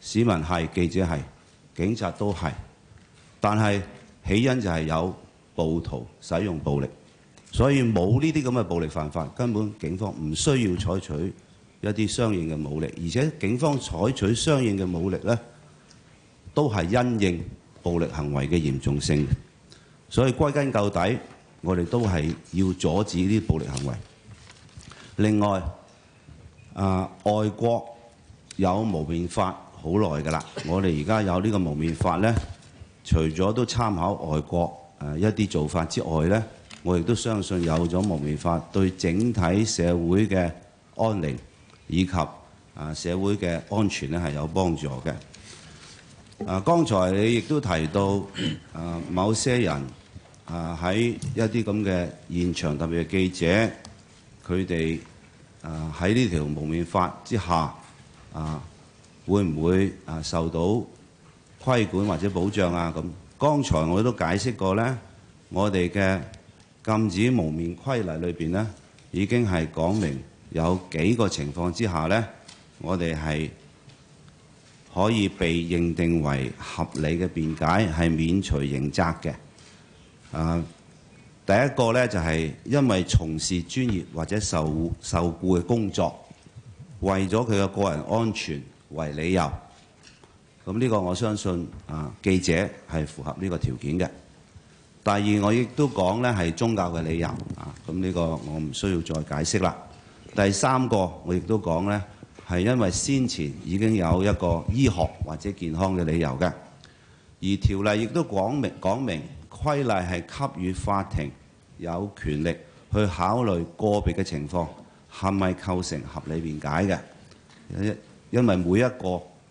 市民係記者係警察都係，但係起因就係有。暴徒使用暴力，所以冇呢啲咁嘅暴力犯法，根本警方唔需要採取一啲相應嘅武力。而且警方採取相應嘅武力咧，都係因應暴力行為嘅嚴重性。所以歸根究底，我哋都係要阻止呢啲暴力行為。另外，啊、呃，外國有蒙面法好耐㗎啦。我哋而家有呢個蒙面法咧，除咗都參考外國啊、一啲做法之外咧，我亦都相信有咗蒙面法對整體社會嘅安寧以及啊社會嘅安全咧係有幫助嘅。啊，剛才你亦都提到啊，某些人啊喺一啲咁嘅現場特別係記者，佢哋啊喺呢條蒙面法之下啊，會唔會啊受到規管或者保障啊咁？剛才我都解釋過呢，我哋嘅禁止蒙面規例裏邊呢，已經係講明有幾個情況之下呢，我哋係可以被認定為合理嘅辯解，係免除刑責嘅。啊，第一個呢，就係因為從事專業或者受受雇嘅工作，為咗佢嘅個人安全為理由。咁呢個我相信啊，記者係符合呢個條件嘅。第二，我亦都講呢係宗教嘅理由啊，咁呢個我唔需要再解釋啦。第三個，我亦都講呢係因為先前已經有一個醫學或者健康嘅理由嘅，而條例亦都講明講明規例係給予法庭有權力去考慮個別嘅情況係咪構成合理辯解嘅，因為每一個。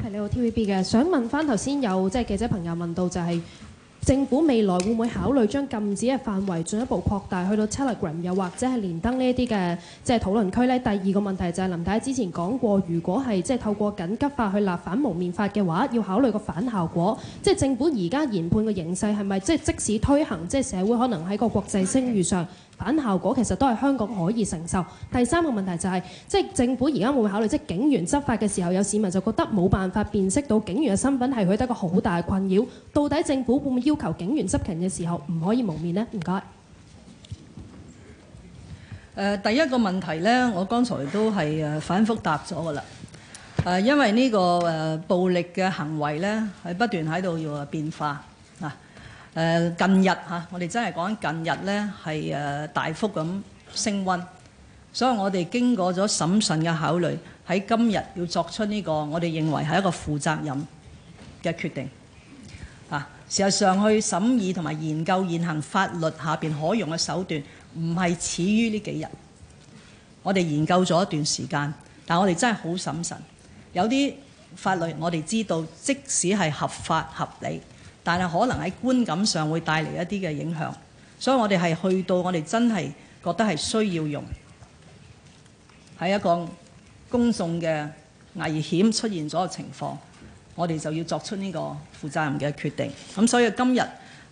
係你好，TVB 嘅，想問翻頭先有即，就是，記者朋友問到就係，是，政府未來會唔會考慮將禁止嘅範圍進一步擴大，去到 Telegram 又或者係連登呢一啲嘅即係討論區呢？第二個問題就係林太之前講過，如果係即係透過緊急法去立反蒙面法嘅話，要考慮個反效果，即，就，係，是，政府而家研判嘅形勢係咪即即使推行即係，就是，社會可能喺個國際聲譽上？反效果其實都係香港可以承受。第三個問題就係，即係政府而家會唔會考慮，即係警員執法嘅時候，有市民就覺得冇辦法辨識到警員嘅身份，係佢得個好大嘅困擾。到底政府會唔會要求警員執勤嘅時候唔可以蒙面呢？唔該。誒，第一個問題呢，我剛才都係誒反覆答咗噶啦。誒，因為呢個誒暴力嘅行為呢，係不斷喺度要變化。誒近日嚇，我哋真係講緊近日呢係誒大幅咁升溫，所以我哋經過咗審慎嘅考慮，喺今日要作出呢個我哋認為係一個負責任嘅決定。啊，事實上去審議同埋研究現行法律下邊可用嘅手段，唔係始於呢幾日。我哋研究咗一段時間，但我哋真係好審慎。有啲法律我哋知道，即使係合法合理。但係可能喺觀感上會帶嚟一啲嘅影響，所以我哋係去到我哋真係覺得係需要用，喺一個公眾嘅危險出現咗嘅情況，我哋就要作出呢個負責任嘅決定。咁所以今日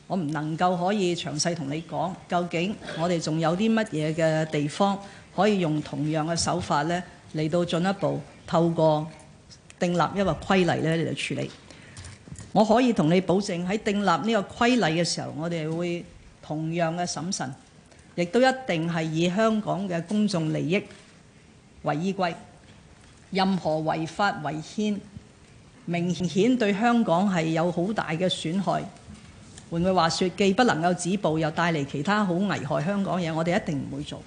我唔能夠可以詳細同你講，究竟我哋仲有啲乜嘢嘅地方可以用同樣嘅手法咧，嚟到進一步透過訂立一個規例咧嚟到處理。我可以同你保證，喺訂立呢個規例嘅時候，我哋會同樣嘅審慎，亦都一定係以香港嘅公眾利益為依歸。任何違法違憲，明顯對香港係有好大嘅損害。換句話說，既不能夠止暴，又帶嚟其他好危害的香港嘢，我哋一定唔會做。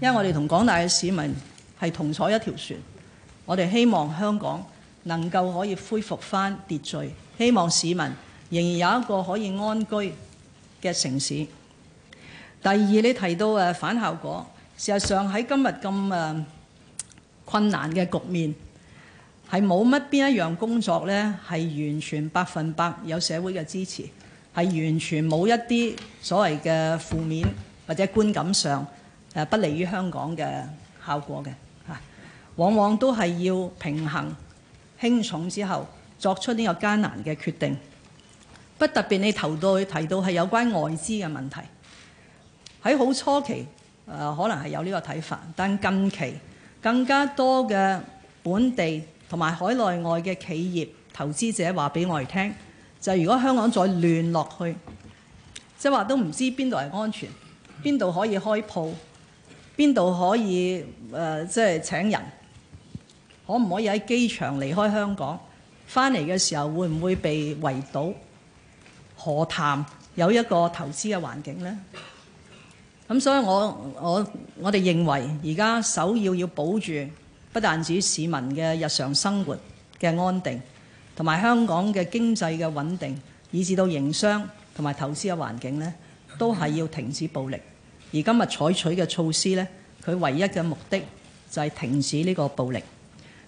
因為我哋同廣大嘅市民係同坐一條船，我哋希望香港。能夠可以恢復翻秩序，希望市民仍然有一個可以安居嘅城市。第二，你提到誒反效果，事實上喺今日咁誒困難嘅局面，係冇乜邊一樣工作呢？係完全百分百有社會嘅支持，係完全冇一啲所謂嘅負面或者觀感上不利於香港嘅效果嘅嚇。往往都係要平衡。輕重之後作出呢個艱難嘅決定，不特別你頭度提到係有關外資嘅問題，喺好初期誒、呃、可能係有呢個睇法，但近期更加多嘅本地同埋海內外嘅企業投資者話俾我哋聽，就係、如果香港再亂落去，即係話都唔知邊度係安全，邊度可以開鋪，邊度可以誒即係請人。可唔可以喺機場離開香港？翻嚟嘅時候，會唔會被圍堵？何談有一個投資嘅環境呢？咁所以我我我哋認為，而家首要要保住，不但止市民嘅日常生活嘅安定，同埋香港嘅經濟嘅穩定，以至到營商同埋投資嘅環境呢，都係要停止暴力。而今日採取嘅措施呢，佢唯一嘅目的就係停止呢個暴力。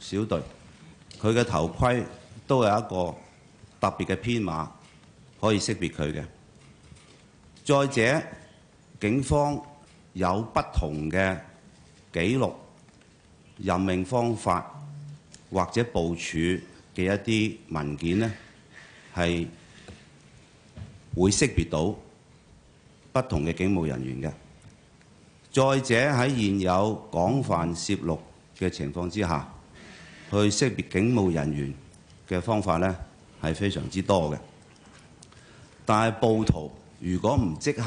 小隊佢嘅頭盔都有一個特別嘅編碼，可以識別佢嘅。再者，警方有不同嘅記錄任命方法或者部署嘅一啲文件呢，係會識別到不同嘅警務人員嘅。再者，喺現有廣泛攝錄嘅情況之下，去識別警務人員嘅方法呢，係非常之多嘅，但係暴徒如果唔即刻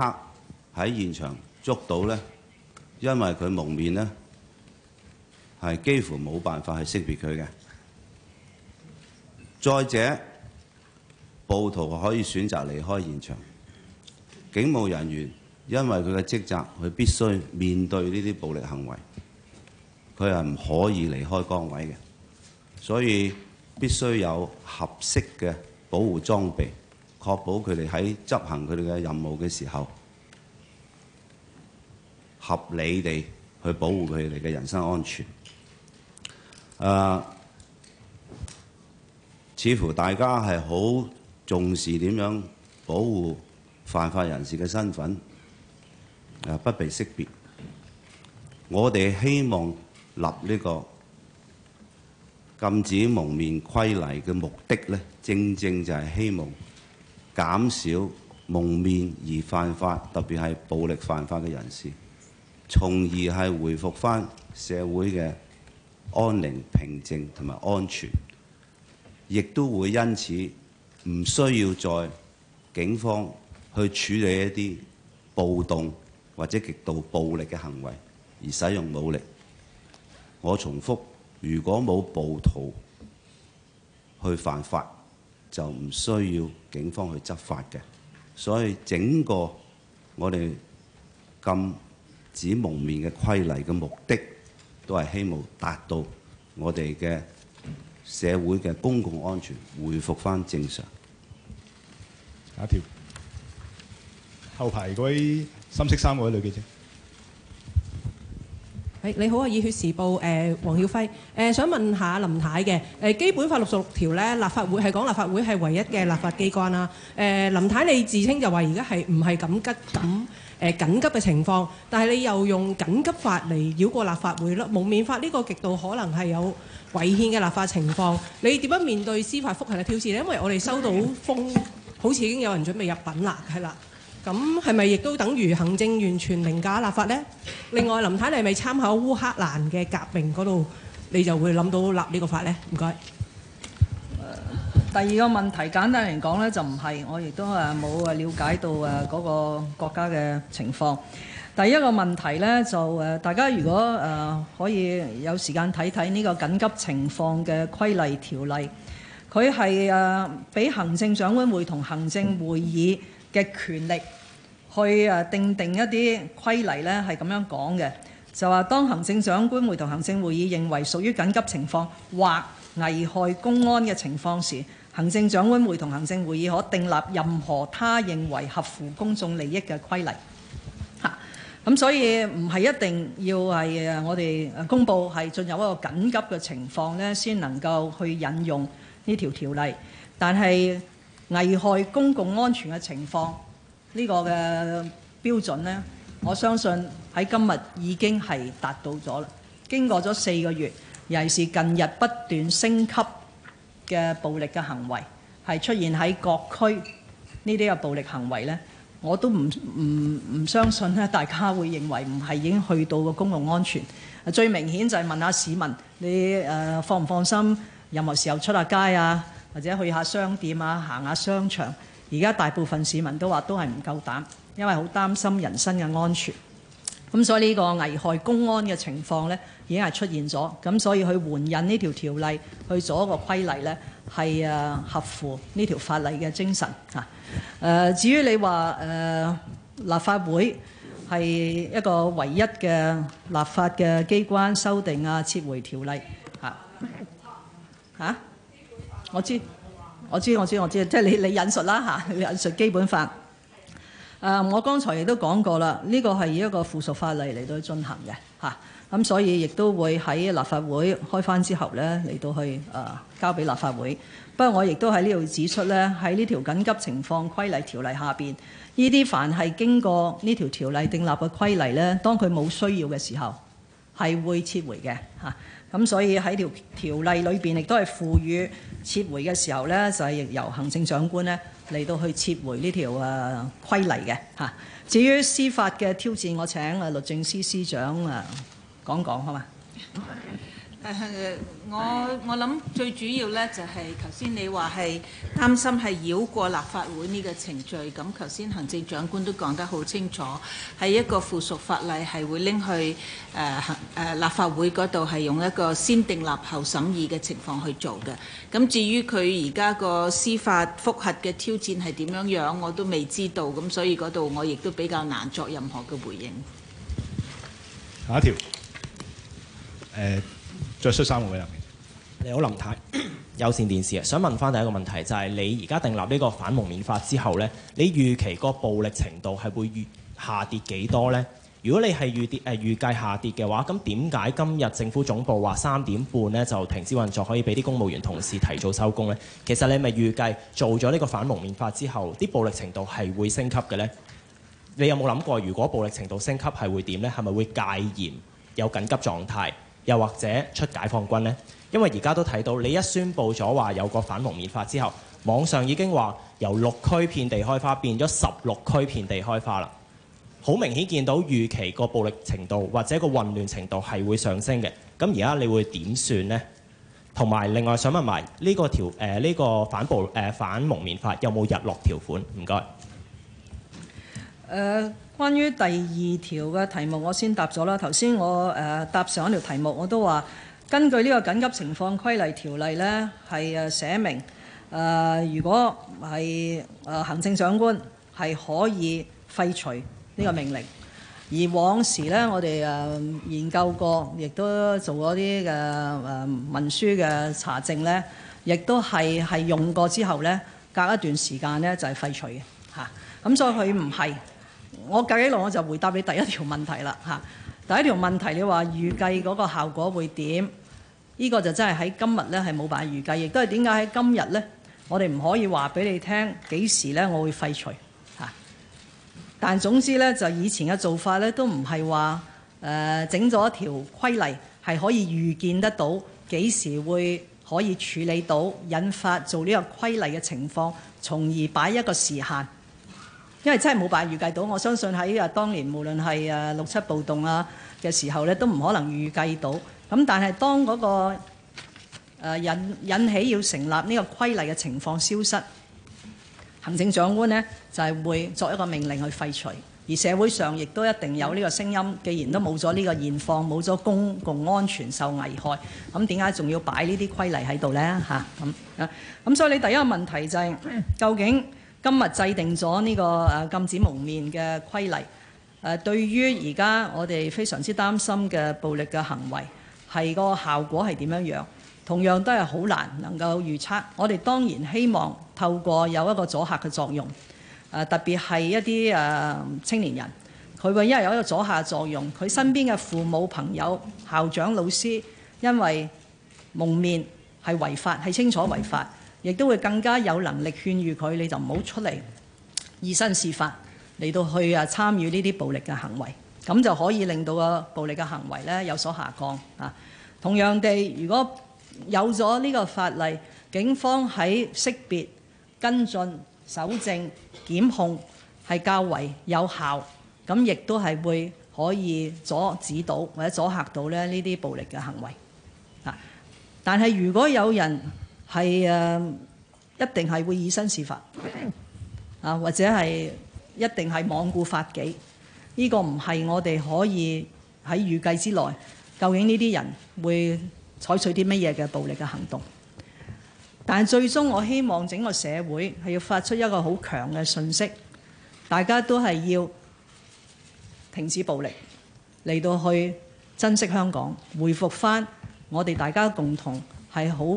喺現場捉到呢，因為佢蒙面呢，係幾乎冇辦法去識別佢嘅。再者，暴徒可以選擇離開現場，警務人員因為佢嘅職責，佢必須面對呢啲暴力行為，佢係唔可以離開崗位嘅。所以必須有合適嘅保護裝備，確保佢哋喺執行佢哋嘅任務嘅時候，合理地去保護佢哋嘅人身安全。誒、呃，似乎大家係好重視點樣保護犯法人士嘅身份，誒、呃、不被識別。我哋希望立呢、這個，禁止蒙面規例嘅目的咧，正正就係希望減少蒙面而犯法，特別係暴力犯法嘅人士，從而係回復返社會嘅安寧、平靜同埋安全，亦都會因此唔需要再警方去處理一啲暴動或者極度暴力嘅行為，而使用武力。我重複。如果冇暴徒去犯法，就唔需要警方去執法嘅。所以整個我哋禁止蒙面嘅規例嘅目的，都係希望達到我哋嘅社會嘅公共安全，恢復返正常。下一條，後排嗰位深色衫嗰位女記者。誒你好啊，《熱血時報》誒黃曉輝誒想問下林太嘅誒基本法六十六條咧，立法會係講立法會係唯一嘅立法機關啦。誒林太你自稱就話而家係唔係緊急咁誒緊急嘅情況，但係你又用緊急法嚟繞過立法會咯，蒙面法呢個極度可能係有違憲嘅立法情況。你點樣面對司法覆核嘅挑戰咧？因為我哋收到風，好似已經有人準備入品啦，係啦。咁係咪亦都等於行政完全凌駕立法咧？另外林太，你係咪參考烏克蘭嘅革命嗰度，你就會諗到立呢個法咧？唔該。第二個問題簡單嚟講咧，就唔係，我亦都誒冇誒瞭解到誒嗰個國家嘅情況。第一個問題咧，就誒大家如果誒可以有時間睇睇呢個緊急情況嘅規例條例，佢係誒俾行政長官會同行政會議嘅權力去誒定定一啲規例呢，係咁樣講嘅，就話當行政長官會同行政會議認為屬於緊急情況或危害公安嘅情況時，行政長官會同行政會議可訂立任何他認為合乎公眾利益嘅規例。嚇、啊、咁所以唔係一定要係我哋公佈係進入一個緊急嘅情況呢，先能夠去引用呢條條例，但係，危害公共安全嘅情況呢，呢個嘅標準呢，我相信喺今日已經係達到咗啦。經過咗四個月，尤其是近日不斷升級嘅暴力嘅行為，係出現喺各區呢啲嘅暴力行為呢，我都唔唔唔相信呢，大家會認為唔係已經去到個公共安全。最明顯就係問下市民，你誒、呃、放唔放心，任何時候出下街啊？或者去下商店啊，行下商場。而家大部分市民都話都係唔夠膽，因為好擔心人身嘅安全。咁所以呢個危害公安嘅情況呢，已經係出現咗。咁所以去援引呢條條例去做一個規例呢，係誒合乎呢條法例嘅精神嚇。誒、啊、至於你話誒、啊、立法會係一個唯一嘅立法嘅機關，修訂啊撤回條例嚇嚇。啊啊我知，我知，我知，我知，即係你你引述啦、啊、你引述基本法。誒、啊，我剛才亦都講過啦，呢個係以一個附屬法例嚟到進行嘅嚇，咁、啊、所以亦都會喺立法會開翻之後呢嚟到去誒、啊、交俾立法會。不過我亦都喺呢度指出呢，喺呢條緊急情況規例條例下邊，呢啲凡係經過呢條條例訂立嘅規例呢，當佢冇需要嘅時候係會撤回嘅嚇。啊。咁所以喺條條例裏邊，亦都係賦予撤回嘅時候呢，就係、是、由行政長官呢嚟到去撤回呢條誒、啊、規例嘅嚇、啊。至於司法嘅挑戰，我請律政司司長誒、啊、講講好嘛？ (noise) (music) 我我諗最主要呢，就係頭先你話係擔心係繞過立法會呢個程序，咁頭先行政長官都講得好清楚，係一個附屬法例，係會拎去誒、呃呃、立法會嗰度，係用一個先訂立後審議嘅情況去做嘅。咁至於佢而家個司法覆核嘅挑戰係點樣樣，我都未知道，咁所以嗰度我亦都比較難作任何嘅回應。下一條、呃再出三個位入面。你好，林太，有線電視啊，想問翻第一個問題，就係、是、你而家訂立呢個反蒙面法之後呢，你預期個暴力程度係會越下跌幾多呢？如果你係預跌誒預計下跌嘅話，咁點解今日政府總部話三點半呢就停止運作，可以俾啲公務員同事提早收工呢？其實你咪預計做咗呢個反蒙面法之後，啲暴力程度係會升級嘅呢？你有冇諗過，如果暴力程度升級係會點呢？係咪會戒嚴有緊急狀態？又或者出解放軍呢？因為而家都睇到你一宣佈咗話有個反蒙面法之後，網上已經話由六區遍地開花變咗十六區遍地開花啦。好明顯見到預期個暴力程度或者個混亂程度係會上升嘅。咁而家你會點算呢？同埋另外想問埋呢個條誒呢個反暴誒反蒙面法有冇日落條款？唔該。Uh... 關於第二條嘅題目，我先答咗啦。頭先我誒答上一條題目，我都話根據呢個緊急情況規例條例呢，係誒寫明誒、呃，如果係行政長官係可以廢除呢個命令，而往時呢，我哋誒研究過，亦都做咗啲誒誒文書嘅查證呢，亦都係係用過之後呢，隔一段時間呢，就係廢除嘅嚇。咁、啊、所以佢唔係。我計幾耐，我就回答你第一條問題啦嚇。第一條問題你話預計嗰個效果會點？呢個就真係喺今日呢，係冇辦法預計，亦都係點解喺今日呢，我哋唔可以話俾你聽幾時呢，我會廢除。但總之呢，就以前嘅做法呢，都唔係話誒整咗一條規例係可以預見得到幾時會可以處理到引發做呢個規例嘅情況，從而擺一個時限。因為真係冇辦法預計到，我相信喺啊當年無論係啊六七暴動啊嘅時候咧，都唔可能預計到。咁但係當嗰個引引起要成立呢個規例嘅情況消失，行政長官呢就係會作一個命令去廢除。而社會上亦都一定有呢個聲音，既然都冇咗呢個現況，冇咗公共安全受危害，咁點解仲要擺呢啲規例喺度呢？嚇咁啊！咁、啊、所以你第一個問題就係、是、究竟？今日制定咗呢個誒禁止蒙面嘅規例，誒對於而家我哋非常之擔心嘅暴力嘅行為，係個效果係點樣樣？同樣都係好難能夠預測。我哋當然希望透過有一個阻嚇嘅作用，誒特別係一啲誒青年人，佢會因為有一個阻嚇嘅作用，佢身邊嘅父母、朋友、校長、老師，因為蒙面係違法，係清楚違法。亦都會更加有能力勸喻佢，你就唔好出嚟以身試法，嚟到去啊參與呢啲暴力嘅行為，咁就可以令到個暴力嘅行為咧有所下降啊。同樣地，如果有咗呢個法例，警方喺識別、跟進、搜證、檢控係較為有效，咁亦都係會可以阻止到或者阻嚇到咧呢啲暴力嘅行為。但係如果有人係誒，一定係會以身試法啊，或者係一定係罔顧法紀。呢個唔係我哋可以喺預計之內。究竟呢啲人會採取啲乜嘢嘅暴力嘅行動？但係最終，我希望整個社會係要發出一個好強嘅訊息，大家都係要停止暴力嚟到去珍惜香港，回復翻我哋大家共同係好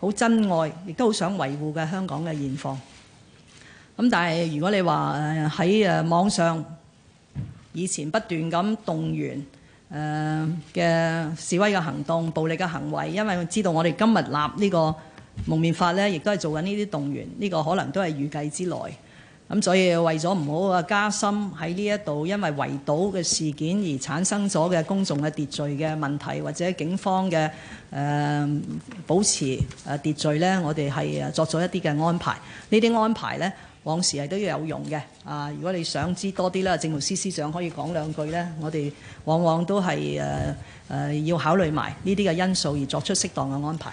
好珍愛，亦都好想維護嘅香港嘅現況。咁但係，如果你話喺誒網上以前不斷咁動員誒嘅示威嘅行動，暴力嘅行為，因為我知道我哋今日立呢個蒙面法咧，亦都係做緊呢啲動員，呢、呢個可能都係預計之內。咁所以為咗唔好啊加深喺呢一度因為圍堵嘅事件而產生咗嘅公眾嘅秩序嘅問題，或者警方嘅誒、呃、保持誒秩序咧，我哋係誒作咗一啲嘅安排。呢啲安排咧，往時係都要有用嘅。啊，如果你想知多啲啦，政務司司長可以講兩句咧，我哋往往都係誒誒要考慮埋呢啲嘅因素而作出適當嘅安排。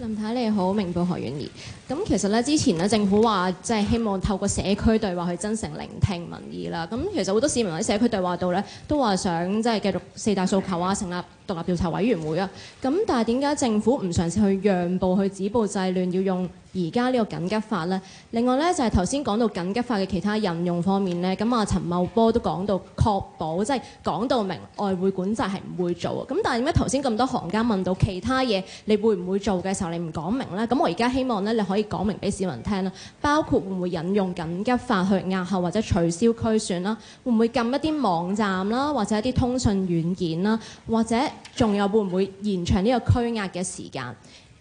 林太，太你好，明報何婉儀。咁其實咧，之前咧政府話即係希望透過社區對話去真誠聆，聆聽民意啦。咁其實好多市民喺社區對話度咧都話想即係繼續四大訴求啊，成立獨立調查委員會啊。咁但係點解政府唔嘗試去讓步去止暴制、就是、亂，要用？而家呢個緊急法呢，另外呢，就係頭先講到緊急法嘅其他引用方面呢。咁阿陳茂波都講到確保，即係講到明外匯管制係唔會做啊。咁但係點解頭先咁多行家問到其他嘢，你會唔會做嘅時候你唔講明呢？咁我而家希望呢，你可以講明俾市民聽啦，包括會唔會引用緊急法去壓後或者取消區選啦，會唔會禁一啲網站啦，或者一啲通訊軟件啦，或者仲有會唔會延長呢個區壓嘅時間？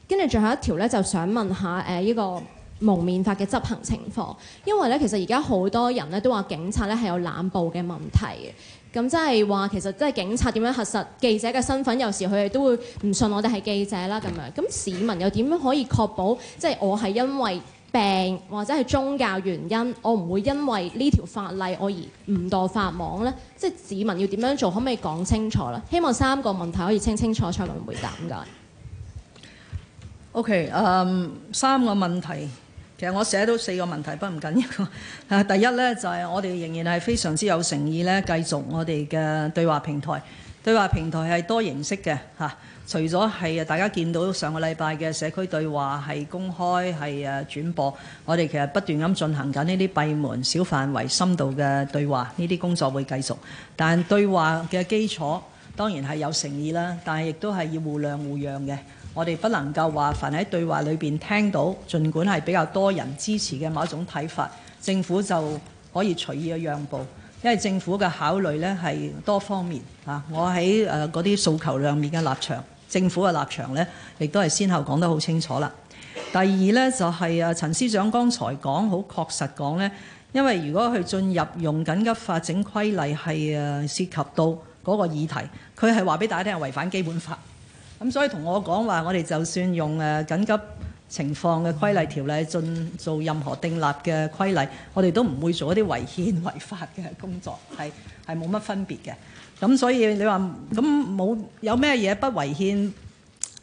跟住最後一條咧，就想問下誒呢個蒙面法嘅執行情況，因為咧其實而家好多人咧都話警察咧係有濫捕嘅問題嘅，咁即係話其實即係警察點樣核實記者嘅身份，有時佢哋都會唔信我哋係記者啦咁樣。咁市民又點樣可以確保即係、就是、我係因為病或者係宗教原因，我唔會因為呢條法例我而唔墮法網呢？即、就、係、是、市民要點樣做？可唔可以講清楚咧？希望三個問題可以清清楚楚咁回答。OK，誒、um, 三個問題，其實我寫到四個問題，不唔緊要。嚇，第一呢，就係、是、我哋仍然係非常之有誠意呢，繼續我哋嘅對話平台。對話平台係多形式嘅嚇、啊，除咗係大家見到上個禮拜嘅社區對話係公開係誒轉播，我哋其實不斷咁進行緊呢啲閉門小範圍深度嘅對話，呢啲工作會繼續。但對話嘅基礎當然係有誠意啦，但係亦都係要互諒互讓嘅。我哋不能夠話，凡喺對話裏邊聽到，儘管係比較多人支持嘅某一種睇法，政府就可以隨意嘅讓步，因為政府嘅考慮呢係多方面嚇。我喺誒嗰啲訴求量面嘅立場，政府嘅立場呢亦都係先後講得好清楚啦。第二呢、就是，就係誒陳司長剛才講好確實講呢，因為如果佢進入用緊急法整規例係誒涉及到嗰個議題，佢係話俾大家聽係違反基本法。咁所以同我講話，我哋就算用誒緊急情況嘅規例條例進做任何訂立嘅規例，我哋都唔會做一啲違憲違法嘅工作，係係冇乜分別嘅。咁所以你話咁冇有咩嘢不違憲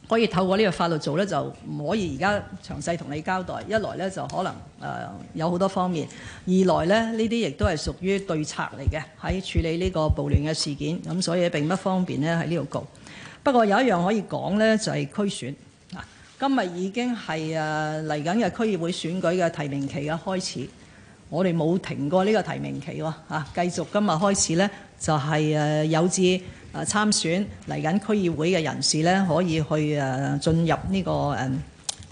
可以透過呢個法律做呢？就唔可以而家詳細同你交代。一來呢，就可能誒、呃、有好多方面，二來呢，呢啲亦都係屬於對策嚟嘅，喺處理呢個暴亂嘅事件。咁所以並不方便呢喺呢度講。不過有一樣可以講呢，就係區選啊！今日已經係誒嚟緊嘅區議會選舉嘅提名期嘅開始，我哋冇停過呢個提名期喎嚇，繼續今日開始呢，就係誒有志誒參選嚟緊區議會嘅人士呢，可以去誒進入呢個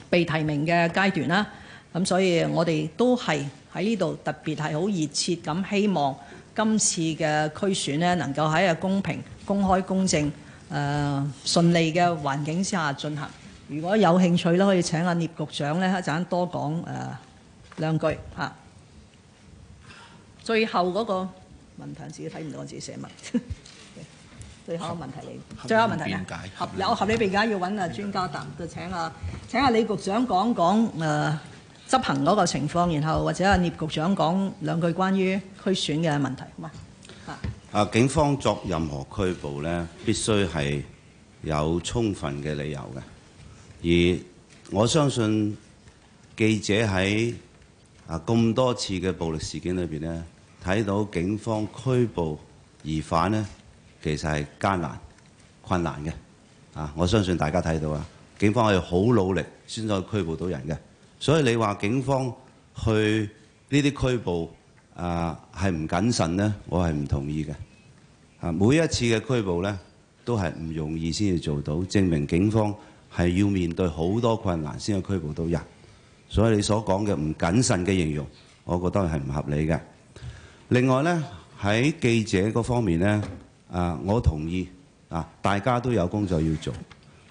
被提名嘅階段啦。咁所以我，我哋都係喺呢度特別係好熱切咁，希望今次嘅區選呢，能夠喺個公平、公開、公正、誒順利嘅環境之下進行，如果有興趣咧，可以請阿聶局長咧一陣多講誒兩句嚇。最後嗰個問題自己睇唔到，自己，睇唔到我自己寫文 (laughs) 最後個問題嚟，最後個問題啊，有合理辯解，有合理辯解要揾阿專家答，就請阿請阿李局長講講誒執行嗰個情況，然後或者阿聶局長講兩句關於區選嘅問題，好嘛？啊！警方作任何拘捕咧，必須係有充分嘅理由嘅。而我相信記者喺啊咁多次嘅暴力事件裏面咧，睇到警方拘捕疑犯咧，其實係艱難困難嘅。啊，我相信大家睇到啊，警方係好努力先至可以拘捕到人嘅。所以你話警方去呢啲拘捕，啊，係唔謹慎呢？我係唔同意嘅。啊，每一次嘅拘捕呢，都係唔容易先至做到，證明警方係要面對好多困難先至拘捕到人。所以你所講嘅唔謹慎嘅形容，我覺得係唔合理嘅。另外呢，喺記者嗰方面呢，啊，我同意啊，大家都有工作要做，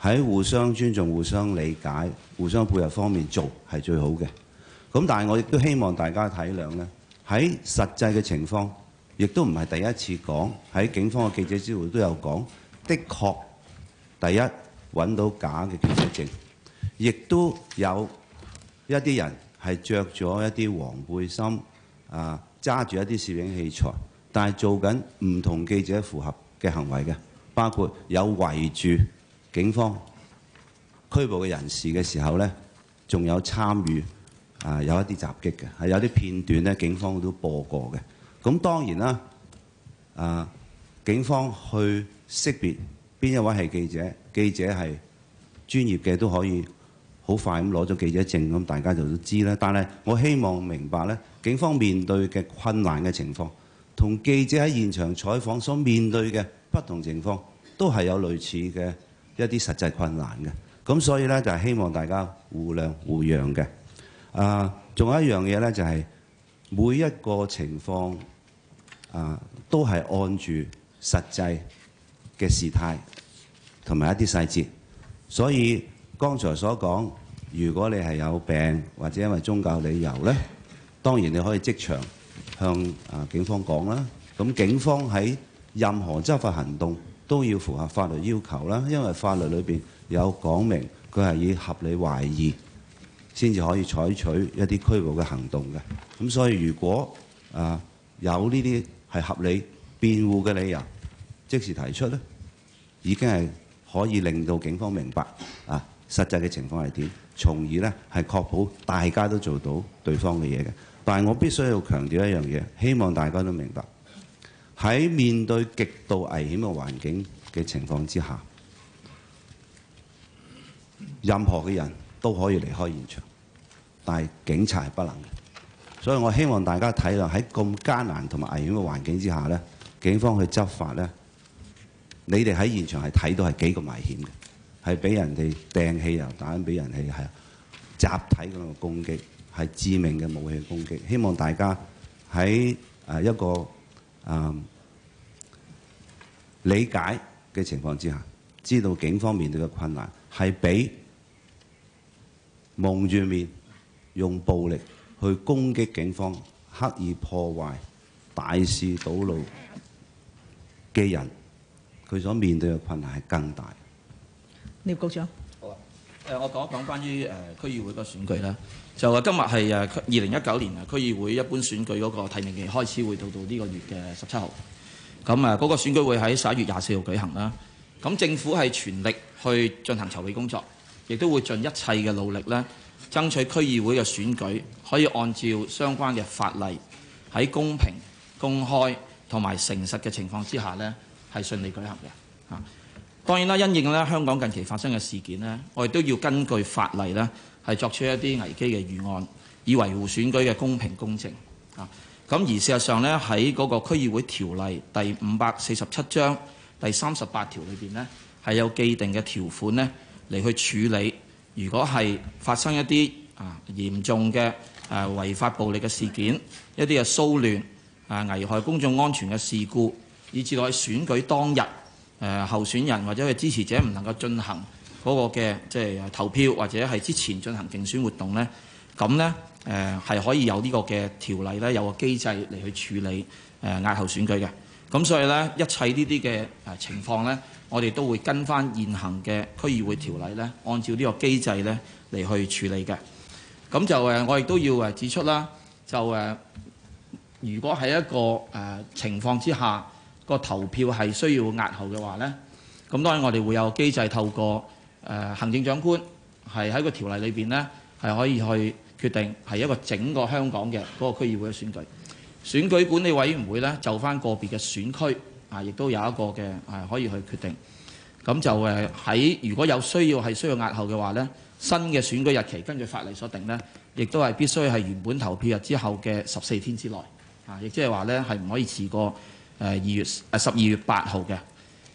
喺互相尊重、互相理解、互相配合方面做係最好嘅。咁但係我亦都希望大家體諒呢。喺實際嘅情況，亦都唔係第一次講，喺警方嘅記者招待會都有講，的確第一揾到假嘅記者證，亦都有一啲人係着咗一啲黃背心，啊，揸住一啲攝影器材，但係做緊唔同記者符合嘅行為嘅，包括有圍住警方拘捕嘅人士嘅時候咧，仲有參與。啊，有一啲襲擊嘅，係有啲片段咧，警方都播過嘅。咁當然啦，啊，啊，警方去識別邊一位係記者，記者係專業嘅都可以好快咁攞咗記者證咁，大家就都知啦。但係我希望明白咧，警方面對嘅困難嘅情況，同記者喺現場採訪所面對嘅不同情況，都係有類似嘅一啲實際困難嘅。咁所以咧，就係希望大家互諒互讓嘅。啊，仲有一樣嘢呢，就係每一個情況啊，都係按住實際嘅事態同埋一啲細節。所以剛才所講，如果你係有病或者因為宗教理由呢，當然你可以即場向啊警方講啦。咁警方喺任何執法行動都要符合法律要求啦，因為法律裏邊有講明佢係以合理懷疑先至可以採取一啲拘捕嘅行動嘅，咁所以如果啊有呢啲係合理辯護嘅理由，即時提出咧，已經係可以令到警方明白啊實際嘅情況係點，從而咧係確保大家都做到對方嘅嘢嘅。但係我必須要強調一樣嘢，希望大家都明白，喺面對極度危險嘅環境嘅情況之下，任何嘅人。都可以離開現場，但係警察係不能嘅，所以我希望大家體諒喺咁艱難同埋危險嘅環境之下咧，警方去執法咧，你哋喺現場係睇到係幾咁危險嘅，係俾人哋掟汽油彈，俾人哋係集體咁樣嘅攻擊，係致命嘅武器攻擊。希望大家喺誒、呃、一個誒、呃、理解嘅情況之下，知道警方面對嘅困難係俾，是蒙住面，用暴力去攻擊警方，刻意破壞、大肆堵路嘅人，佢所面對嘅困難係更大。聶局長，好啊，誒，我講一講關於誒區議會嘅選舉啦。就話今日係誒二零一九年啊區議會一般選舉嗰個提名期開始，會到到呢個月嘅十七號。咁啊，嗰個選舉會喺十一月廿四號舉行啦。咁政府係全力去進行籌備工作。亦都會盡一切嘅努力呢，爭取區議會嘅選舉可以按照相關嘅法例喺公平、公開同埋誠實嘅情況之下呢係順利舉行嘅。啊，當然啦，因應呢香港近期發生嘅事件呢我哋都要根據法例呢係作出一啲危機嘅預案，以維護選舉嘅公平公正。啊，咁而事實上呢喺嗰個區議會條例第五百四十七章第三十八條裏邊呢係有既定嘅條款呢。嚟去處理，如果係發生一啲啊嚴重嘅誒違法暴力嘅事件，一啲嘅騷亂啊，危害公眾安全嘅事故，以至到去選舉當日誒候選人或者係支持者唔能夠進行嗰個嘅即係投票，或者係之前進行競選活動呢。咁呢誒係可以有呢個嘅條例呢，有個機制嚟去處理誒押後選舉嘅。咁所以呢，一切呢啲嘅誒情況呢。我哋都會跟翻現行嘅區議會條例呢，按照呢個機制呢嚟去處理嘅。咁就誒，我亦都要誒指出啦，就誒，如果喺一個誒、呃、情況之下，個投票係需要押後嘅話呢，咁當然我哋會有機制透過誒、呃、行政長官係喺個條例裏邊呢，係可以去決定係一個整個香港嘅嗰個區議會嘅選舉。選舉管理委員會呢，就翻個別嘅選區。啊，亦都有一個嘅，係可以去決定。咁就誒喺如果有需要係需要押後嘅話呢，新嘅選舉日期根據法例所定呢，亦都係必須係原本投票日之後嘅十四天之內。啊，亦即係話呢係唔可以遲過誒二月誒十二月八號嘅。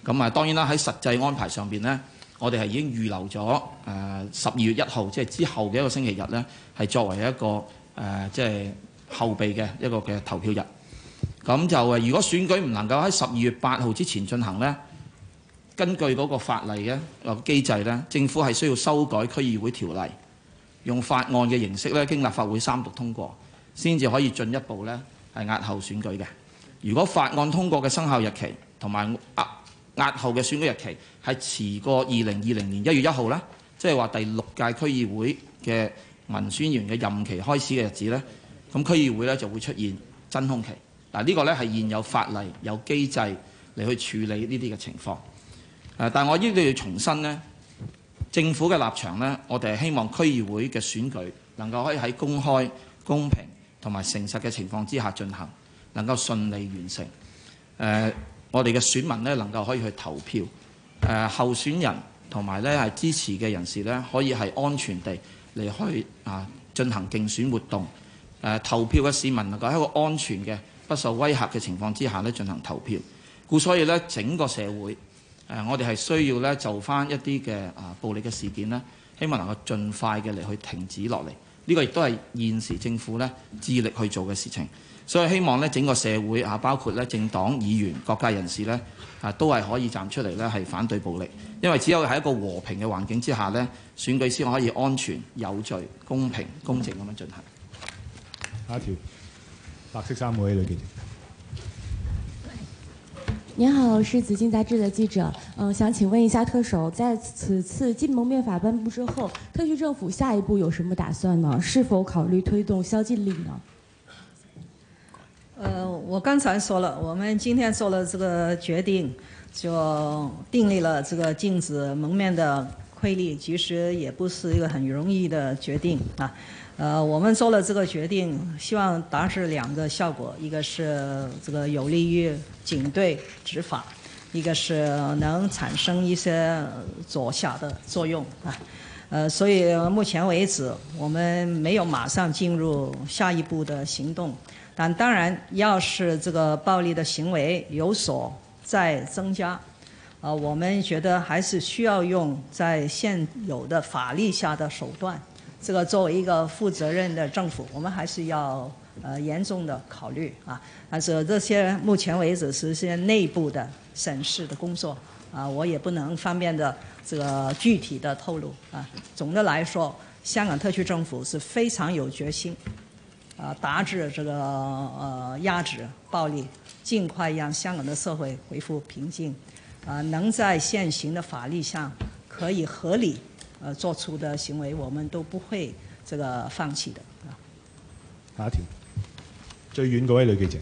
咁啊，當然啦，喺實際安排上邊呢，我哋係已經預留咗誒十二月一號，即係之後嘅一個星期日呢，係作為一個誒即係後備嘅一個嘅投票日。咁就誒，如果選舉唔能夠喺十二月八號之前進行呢，根據嗰個法例嘅、嗰個、機制呢，政府係需要修改區議會條例，用法案嘅形式咧，經立法會三讀通過，先至可以進一步咧係押後選舉嘅。如果法案通過嘅生效日期同埋、啊、押後嘅選舉日期係遲過二零二零年一月一號呢，即係話第六屆區議會嘅民選員嘅任期開始嘅日子呢，咁區議會呢就會出現真空期。嗱，呢個呢係現有法例有機制嚟去處理呢啲嘅情況。但係我呢度要重申呢，政府嘅立場呢，我哋係希望區議會嘅選舉能夠可以喺公開、公平同埋誠實嘅情況之下進行，能夠順利完成。誒，我哋嘅選民呢，能夠可以去投票。誒，候選人同埋呢係支持嘅人士呢，可以係安全地嚟去啊進行競選活動。誒，投票嘅市民能夠喺一個安全嘅，不受威嚇嘅情況之下呢進行投票，故所以呢，整個社會，誒，我哋係需要呢，就翻一啲嘅啊暴力嘅事件呢，希望能夠盡快嘅嚟去停止落嚟。呢個亦都係現時政府呢，致力去做嘅事情，所以希望呢，整個社會啊，包括呢政黨、議員、各界人士呢，啊，都係可以站出嚟呢，係反對暴力，因為只有喺一個和平嘅環境之下呢，選舉先可以安全、有序、公平、公正咁樣進行。下一條。白色衫帽的女士，您好，我是《紫荊》雜誌的記者。嗯，想請問一下特首，在此次禁蒙面法頒布之後，特區政府下一步有什麼打算呢？是否考慮推動宵禁令呢？呃，我剛才說了，我們今天做了這個決定，就訂立了這個禁止蒙面的規例，其實也不是一個很容易的決定啊。呃，我們做了這個決定，希望達至兩個效果，一個是這個有利於警隊執法，一個是能產生一些阻嚇的作用啊。呃，所以目前為止，我們沒有馬上進入下一步的行動，但當然，要是這個暴力的行為有所再增加，啊、呃，我們覺得還是需要用在現有的法律下的手段。這個作為一個負責任的政府，我們還是要呃嚴重的考慮啊。但是這些目前為止是些內部的審視的工作啊，我也不能方便的這個具體的透露啊。總的來說，香港特區政府是非常有決心啊，達至這個呃壓制暴力，盡快讓香港的社會恢復平靜啊，能在現行的法律上可以合理。呃，做出的行為，我們都不會這個放棄的，啊，下一條，最遠嗰位女記者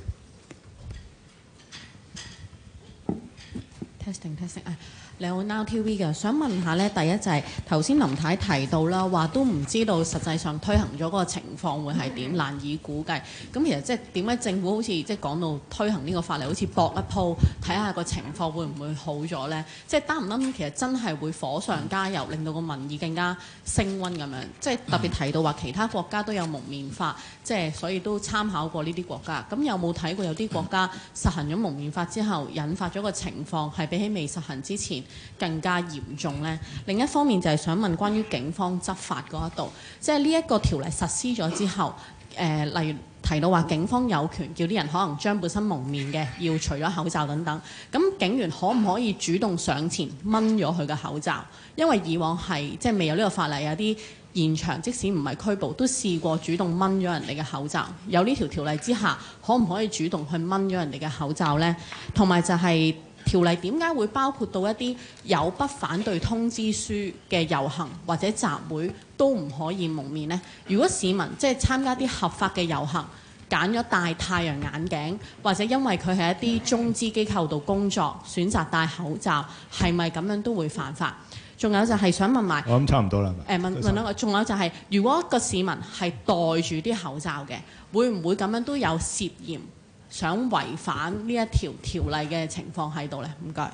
，testing testing 啊。你好，now TV 嘅，想問下呢，第一就係頭先林太，太提到啦，話都唔知道實際上推行咗嗰個情況會係點，難以估計。咁、嗯、其實即係點解政府好似即係講到推行呢個法例，好似搏一鋪，睇下個情況會唔會好咗呢？即係擔唔擔心其實真係會火上加油，嗯、令到個民意更加升溫咁樣？即、就、係、是、特別提到話，其他國家都有蒙面法，即、就、係、是、所以都參考過呢啲國家。咁有冇睇過有啲國家實行咗蒙面法之後，引發咗個情況係比起未實行之前？更加嚴重呢。另一方面就係想問關於警方執法嗰一度，即係呢一個條例實施咗之後，誒、呃、例如提到話警方有權叫啲人可能將本身蒙面嘅要除咗口罩等等。咁警員可唔可以主動上前掹咗佢嘅口罩？因為以往係即係未有呢個法例，有啲現場即使唔係拘捕都試過主動掹咗人哋嘅口罩。有呢條條例之下，可唔可以主動去掹咗人哋嘅口罩呢？同埋就係、是。條例點解會包括到一啲有不反對通知書嘅遊行或者集會都唔可以蒙面呢？如果市民即係、就是、參加啲合法嘅遊行，揀咗戴太陽眼鏡，或者因為佢喺一啲中資機構度工作，選擇戴口罩，係咪咁樣都會犯法？仲有就係想問埋，我諗差唔多啦。誒問問,問兩個，仲有就係、是、如果個市民係戴住啲口罩嘅，會唔會咁樣都有涉嫌？想違反呢一條條例嘅情況喺度咧？唔該。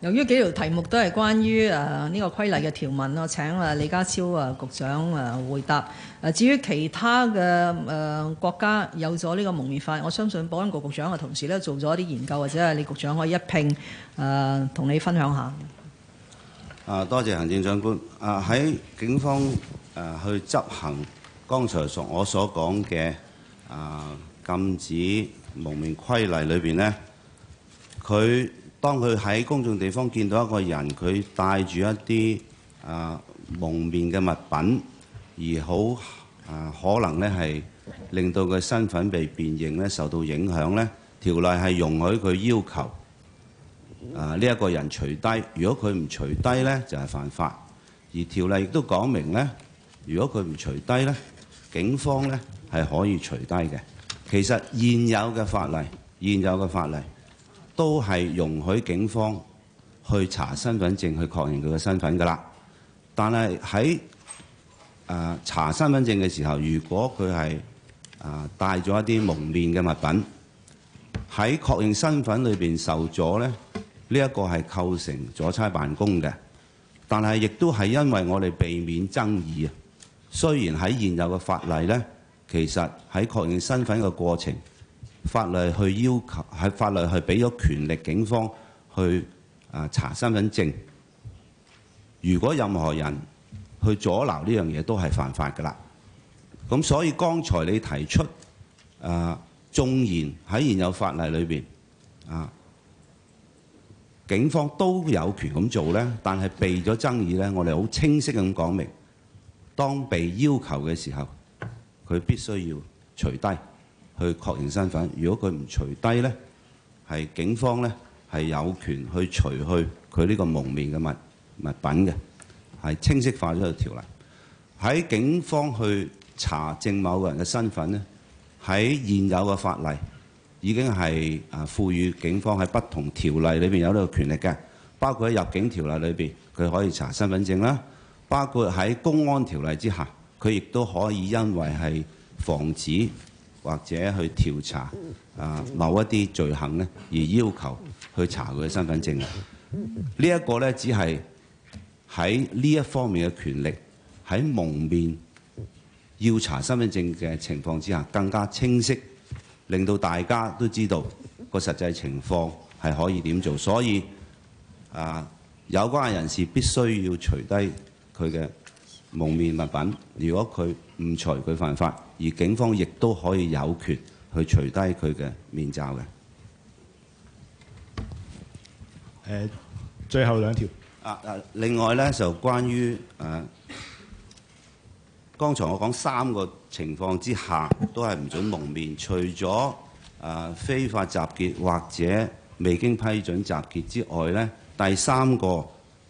由於幾條題目都係關於誒，呢個規例嘅條文咯，我請啊李家超啊局長啊回答。誒至於其他嘅誒國家有咗呢個蒙面法，我相信保安局局長嘅同事咧做咗一啲研究，或者係李局長可以一拼誒同你分享下。誒多謝行政長官。誒喺警方誒去執行剛才所我所講嘅誒禁止。蒙面規例裏面呢，佢當佢喺公眾地方見到一個人，佢帶住一啲啊、呃、蒙面嘅物品，而好啊、呃、可能呢係令到佢身份被辨認受到影響呢，條例係容許佢要求啊呢一個人除低。如果佢唔除低呢，就係、是、犯法。而條例亦都講明呢，如果佢唔除低呢，警方呢係可以除低嘅。其實現有嘅法例，現有嘅法例都係容許警方去查身份證去確認佢嘅身份㗎喇。但係喺、呃、查身份證嘅時候，如果佢係呃、帶咗一啲蒙面嘅物品，喺確認身份裏邊受阻咧，呢、這、一個係構成阻差辦公嘅。但係亦都係因為我哋避免爭議啊。雖然喺現有嘅法例咧。其實喺確認身份嘅過程，法律去要求喺法律係俾咗權力警方去啊查身份證。如果任何人去阻撓呢樣嘢，都係犯法噶啦。咁所以剛才你提出啊，縱然喺現有法例裏邊啊，警方都有權咁做咧，但係避咗爭議咧，我哋好清晰咁講明，當被要求嘅時候。佢必須要除低，去確認身份。如果佢唔除低呢，係警方呢，係有權去除去佢呢個蒙面嘅物物品嘅，係清晰化咗條例。喺警方去查證某個人嘅身份呢，喺現有嘅法例已經係啊賦予警方喺不同條例裏面有呢個權力嘅，包括喺入境條例裏面，佢可以查身份證啦，包括喺公安條例之下。佢亦都可以因為，係防止或者去調查啊某一啲罪行咧，而要求去查佢嘅身份證啊。呢一個咧，只係喺呢一方面嘅權力喺蒙面要查身份證嘅情況之下，更加清晰，令到大家都知道個實際情況係可以點做。所以啊，有關嘅人士必須要除低佢嘅。蒙面物品，如果佢唔除，佢犯法，而警方亦都可以有權去除低佢嘅面罩嘅。誒，最後兩條。啊啊，另外咧就，關於誒剛才我講三個情況之下都係唔准蒙面，除咗誒、啊、非法集結或者未經批准集結之外咧，第三個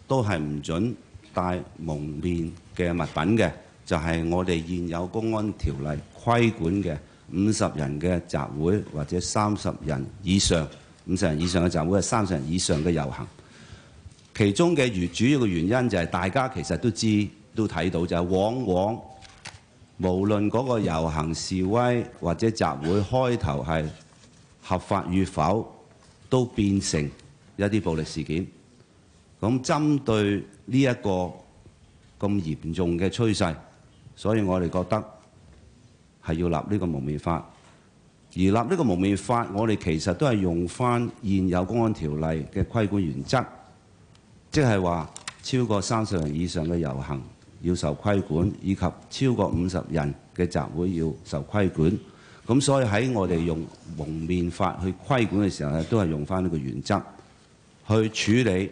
都係唔准。戴蒙面嘅物品嘅，就係我哋現有公安條例規管嘅五十人嘅集會或者三十人以上，五十人以上嘅集會或三十人以上嘅遊行。其中嘅如主要嘅原因就係大家其實都知，都睇到就係往往無論嗰個遊行示威或者集會開頭係合法與否，都變成一啲暴力事件。咁針對呢一個咁嚴重嘅趨勢，所以我哋覺得係要立呢個蒙面法。而立呢個蒙面法，我哋其實都係用返現有公安條例嘅規管原則，即係話超過三十人以上嘅遊行要受規管，以及超過五十人嘅集會要受規管。咁所以喺我哋用蒙面法去規管嘅時候咧，都係用返呢個原則去處理。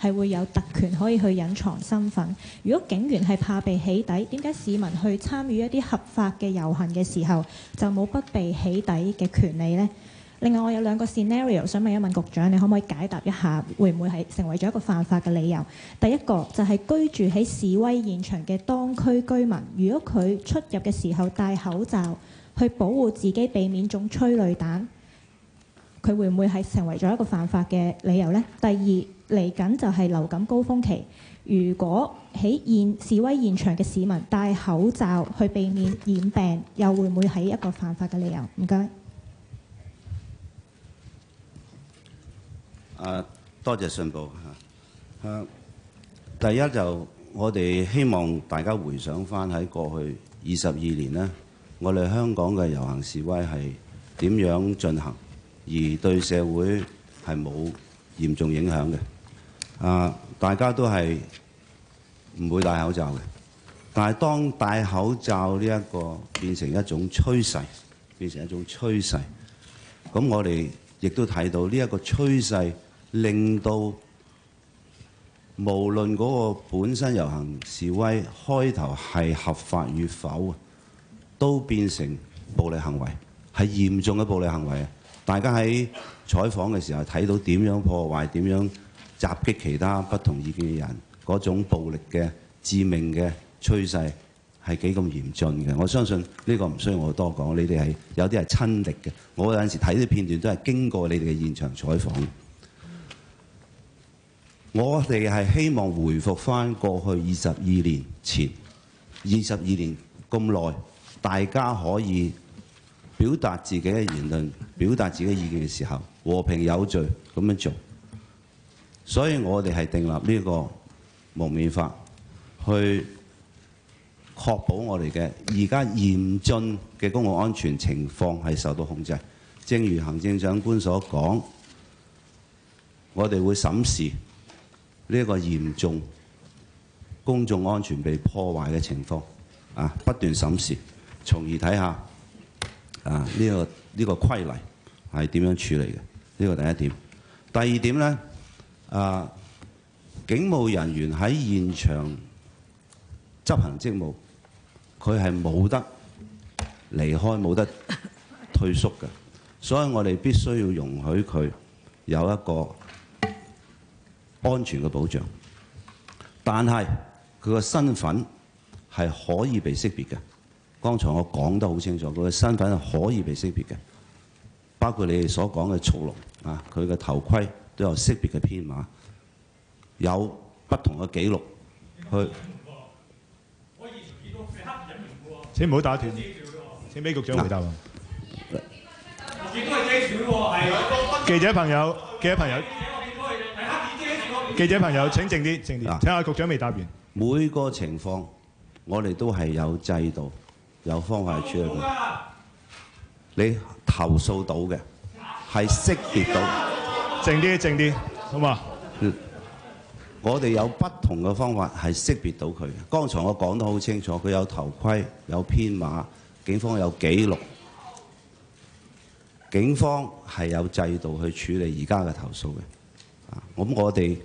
係會有特權可以去隱藏身份。如果警員係怕被起底，點解市民去參與一啲合法嘅遊行嘅時候，就冇不被起底嘅權利呢？另外，我有兩個 scenario 想問一問局長，你可唔可以解答一下，會唔會係成為咗一個犯法嘅理由？第一個就係居住喺示威現場嘅當區居民，如果佢出入嘅時候戴口罩，去保護自己避免中催淚彈。佢會唔會係成為咗一個犯法嘅理由呢？第二，嚟緊就係流感高峰期，如果喺現示威現場嘅市民戴口罩去避免染病，又會唔會係一個犯法嘅理由？唔該，啊，多謝信報吓。第一，就我哋希望大家回想返喺過去二十二年呢，我哋香港嘅遊行示威係點樣進行？而對社會係冇嚴重影響嘅，啊，大家都係唔會戴口罩嘅。但係當戴口罩呢一個變成一種趨勢，變成一種趨勢，咁我哋亦都睇到呢一個趨勢，令到無論嗰個本身遊行示威開頭係合法與否，都變成暴力行為，係嚴重嘅暴力行為啊！大家喺採訪嘅時候睇到點樣破壞、點樣襲擊其他不同意見嘅人，嗰種暴力嘅致命嘅趨勢係幾咁嚴峻嘅。我相信呢個唔需要我多講，你哋係有啲係親歷嘅。我有陣時睇啲片段都係經過你哋嘅現場採訪。我哋係希望回復返過去二十二年前，二十二年咁耐，大家可以，表達自己嘅言論、表達自己嘅意見嘅時候，和平有序咁樣做。所以我哋係訂立呢個蒙面法，去確保我哋嘅而家嚴峻嘅公共安全情況係受到控制。正如行政長官所講，我哋會審視呢個嚴重公眾安全被破壞嘅情況，啊不斷審視，從而睇下。啊！呢個呢個規例係點樣處理嘅？呢個第一點。第二點咧，啊，警務人員喺現場執行職務，佢係冇得離開、冇得退縮嘅，所以我哋必須要容許佢有一個安全嘅保障。但係佢個身份係可以被識別嘅。剛才我講得好清楚，佢嘅身份係可以被識別嘅，包括你哋所講嘅速龍啊，佢嘅頭盔都有識別嘅編碼，有不同嘅記錄去。請唔好打斷。請俾局長回答。記者朋友，記者朋友，記者朋友，請靜啲，靜啲，睇下局長未答完。每個情況，我哋都係有制度。有方法去處理佢，你投訴到嘅係識別到，靜啲靜啲，好嘛？我哋有不同嘅方法係識別到佢。剛才我講得好清楚，佢有頭盔，有編碼，警方有紀錄，警方係有制度去處理而家嘅投訴嘅。啊，咁我哋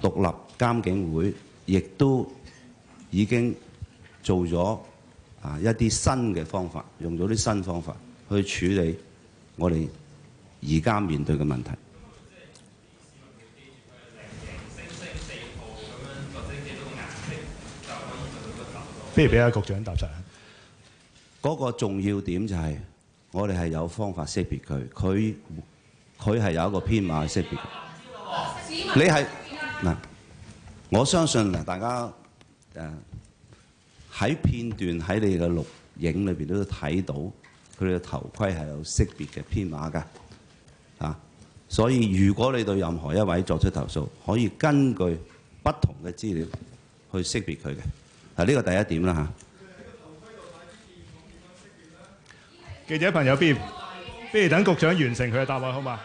獨立監警會亦都已經。做咗啊一啲新嘅方法，用咗啲新方法去處理我哋而家面對嘅問題。不如俾阿局長答曬。嗰個重要點就係我哋係有方法識別佢，佢佢係有一個編碼識別。你係嗱，我相信嗱大家誒。喺片段喺你嘅錄影裏邊都睇到佢哋嘅頭盔係有識別嘅編碼㗎，啊！所以如果你對任何一位作出投訴，可以根據不同嘅資料去識別佢嘅，啊呢個第一點啦嚇、啊。記者朋友，不不如等局長完成佢嘅答案好嘛？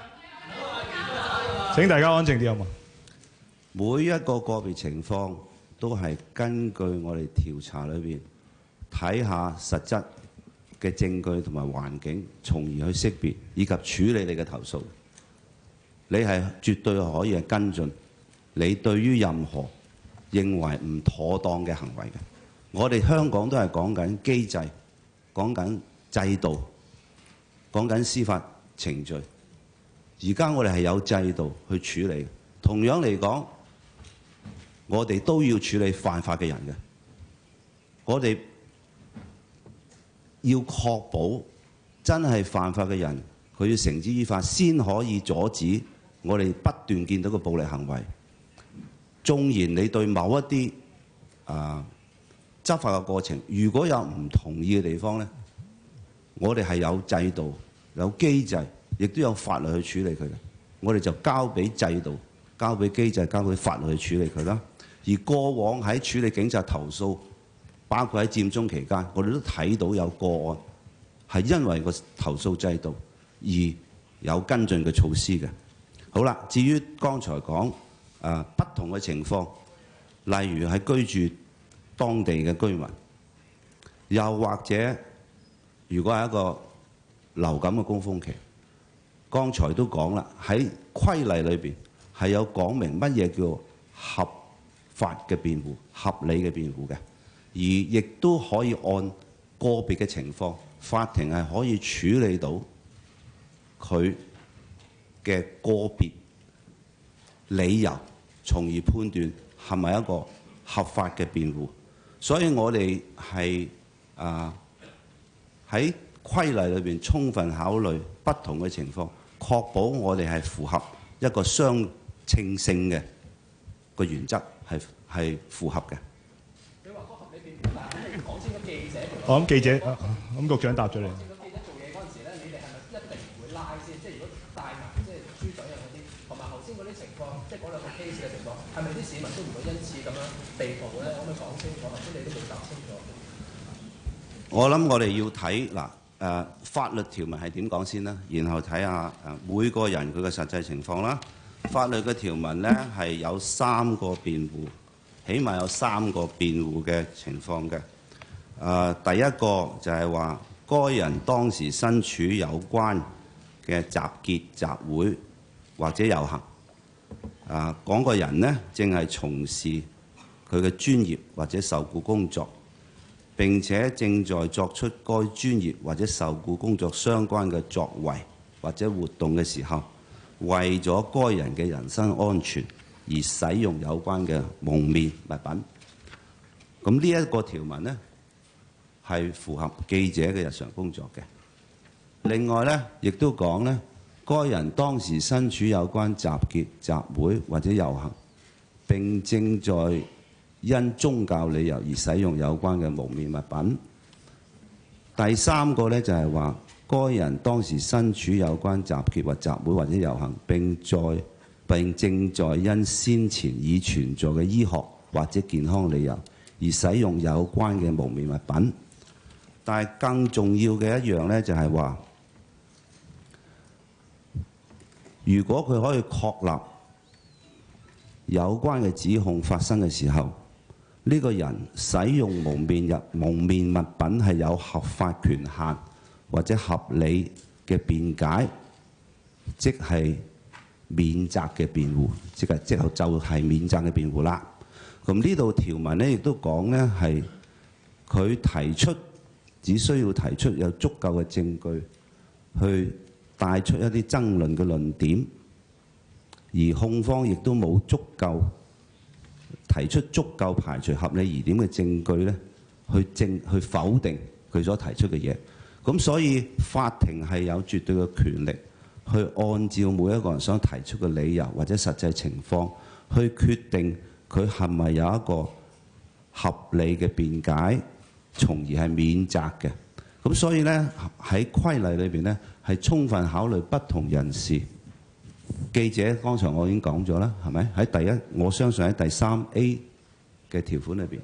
請大家安靜啲好嘛？每一個個別情況。都係根據我哋調查裏邊睇下實質嘅證據同埋環境，從而去識別以及處理你嘅投訴。你係絕對可以係跟進。你對於任何認為唔妥當嘅行為嘅，我哋香港都係講緊機制，講緊制度，講緊司法程序。而家我哋係有制度去處理。同樣嚟講。我哋都要處理犯法嘅人嘅，我哋要確保真係犯法嘅人，佢要繩之於法，先可以阻止我哋不斷見到嘅暴力行為。縱然你對某一啲啊執法嘅過程，如果有唔同意嘅地方咧，我哋係有制度、有機制，亦都有法律去處理佢嘅。我哋就交俾制度、交俾機制、交俾法律去處理佢啦。而過往喺處理警察投訴，包括喺佔中期間，我哋都睇到有個案係因為個投訴制度而有跟進嘅措施嘅。好啦，至於剛才講、呃、不同嘅情況，例如係居住當地嘅居民，又或者如果係一個流感嘅高峰期，剛才都講啦，喺規例裏面係有講明乜嘢叫合法嘅辯護，合理嘅辯護嘅，而亦都可以按個別嘅情況，法庭係可以處理到佢嘅個別理由，從而判斷係咪一個合法嘅辯護。所以我哋係啊喺規例裏面充分考慮不同嘅情況，確保我哋係符合一個相稱性嘅個原則。係係符合嘅。你話合你點明白？講先，記者，我諗記者，我諗、啊啊、局長答咗你。咁記者做嘢嗰陣時咧，你哋係咪一定唔會拉先？即係如果帶即係豬水啊啲，同埋頭先啲情況，即係嗰兩個 case 嘅情況，係咪啲市民都唔會因此咁樣被捕咧？可唔可以講清楚？或者你都未答清楚。我諗我哋要睇嗱誒法律條文係點講先啦，然後睇下誒每個人佢嘅實際情況啦。法律嘅條文呢，係有三個辯護，起碼有三個辯護嘅情況嘅、呃。第一個就係話該人當時身處有關嘅集結集會或者遊行。誒、呃，講個人呢，正係從事佢嘅專業或者受僱工作，並且正在作出該專業或者受僱工作相關嘅作為或者活動嘅時候。為咗該人嘅人身安全而使用有關嘅蒙面物品，咁呢一個條文呢係符合記者嘅日常工作嘅。另外呢，亦都講呢，該人當時身處有關集結集會或者遊行，並正在因宗教理由而使用有關嘅蒙面物品。第三個呢就係話。該人當時身處有關集結或集會或者遊行，並在並正在因先前已存在嘅醫學或者健康理由而使用有關嘅蒙面物品。但係更重要嘅一樣呢，就係話，如果佢可以確立有關嘅指控發生嘅時候，呢個人使用蒙面入蒙面物品係有合法權限，或者合理嘅辯解，即係免責嘅辯護，即係即係就係免責嘅辯護啦。咁呢度條文咧，亦都講咧，係佢提出，只需要提出有足夠嘅證據去帶出一啲爭論嘅論點，而控方亦都冇足夠提出足夠排除合理疑點嘅證據咧，去證去否定佢所提出嘅嘢。咁所以法庭係有絕對嘅權力，去按照每一個人想提出嘅理由或者實際情況去決定佢係咪有一個合理嘅辯解，從而係免責嘅。咁所以呢，喺規例裏邊呢，係充分考慮不同人士，記者剛才我已經講咗啦，係咪喺第一，我相信喺第三 A 嘅條款裏邊。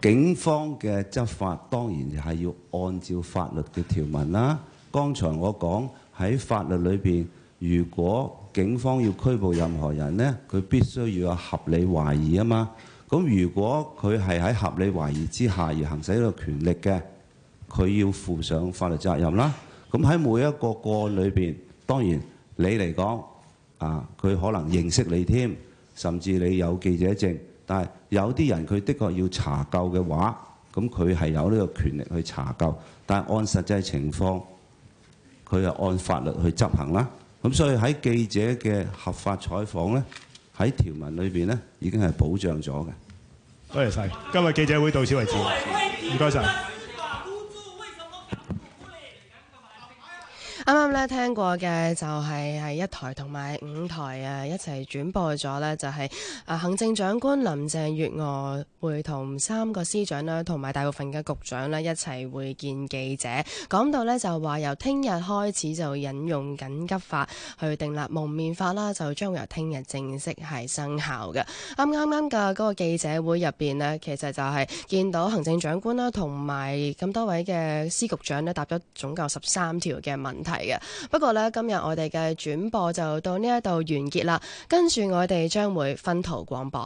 警方嘅執法當然係要按照法律嘅條文啦。剛才我講，喺法律裏面，如果警方要拘捕任何人呢，佢必須要有合理懷疑啊嘛。咁如果佢係喺合理懷疑之下而行使呢個權力嘅，佢要負上法律責任啦。咁喺每一個個案裏面，當然你嚟講，啊佢可能認識你添，甚至你有記者證。但係有啲人佢的確要查究嘅話，咁佢係有呢個權力去查究。但係按實際情況，佢係按法律去執行啦。咁所以喺記者嘅合法採訪呢，喺條文裏邊呢已經係保障咗嘅。多謝晒！今日記者會到此為止，唔該晒。啱啱咧聽過嘅就係係一台同埋五台啊，一齊轉播咗咧，就係行政長官林鄭月娥會同三個司長啦同埋大部分嘅局長咧，一齊會見記者，講到咧就話由聽日開始就引用緊急法去定立蒙面法啦，就將會由聽日正式係生效嘅。啱啱啱嘅嗰個記者會入邊咧，其實就係見到行政長官啦，同埋咁多位嘅司局長咧，答咗總共十三條嘅問題。嘅，不過咧，今日我哋嘅轉播就到呢一度完結啦，跟住我哋將會分途廣播。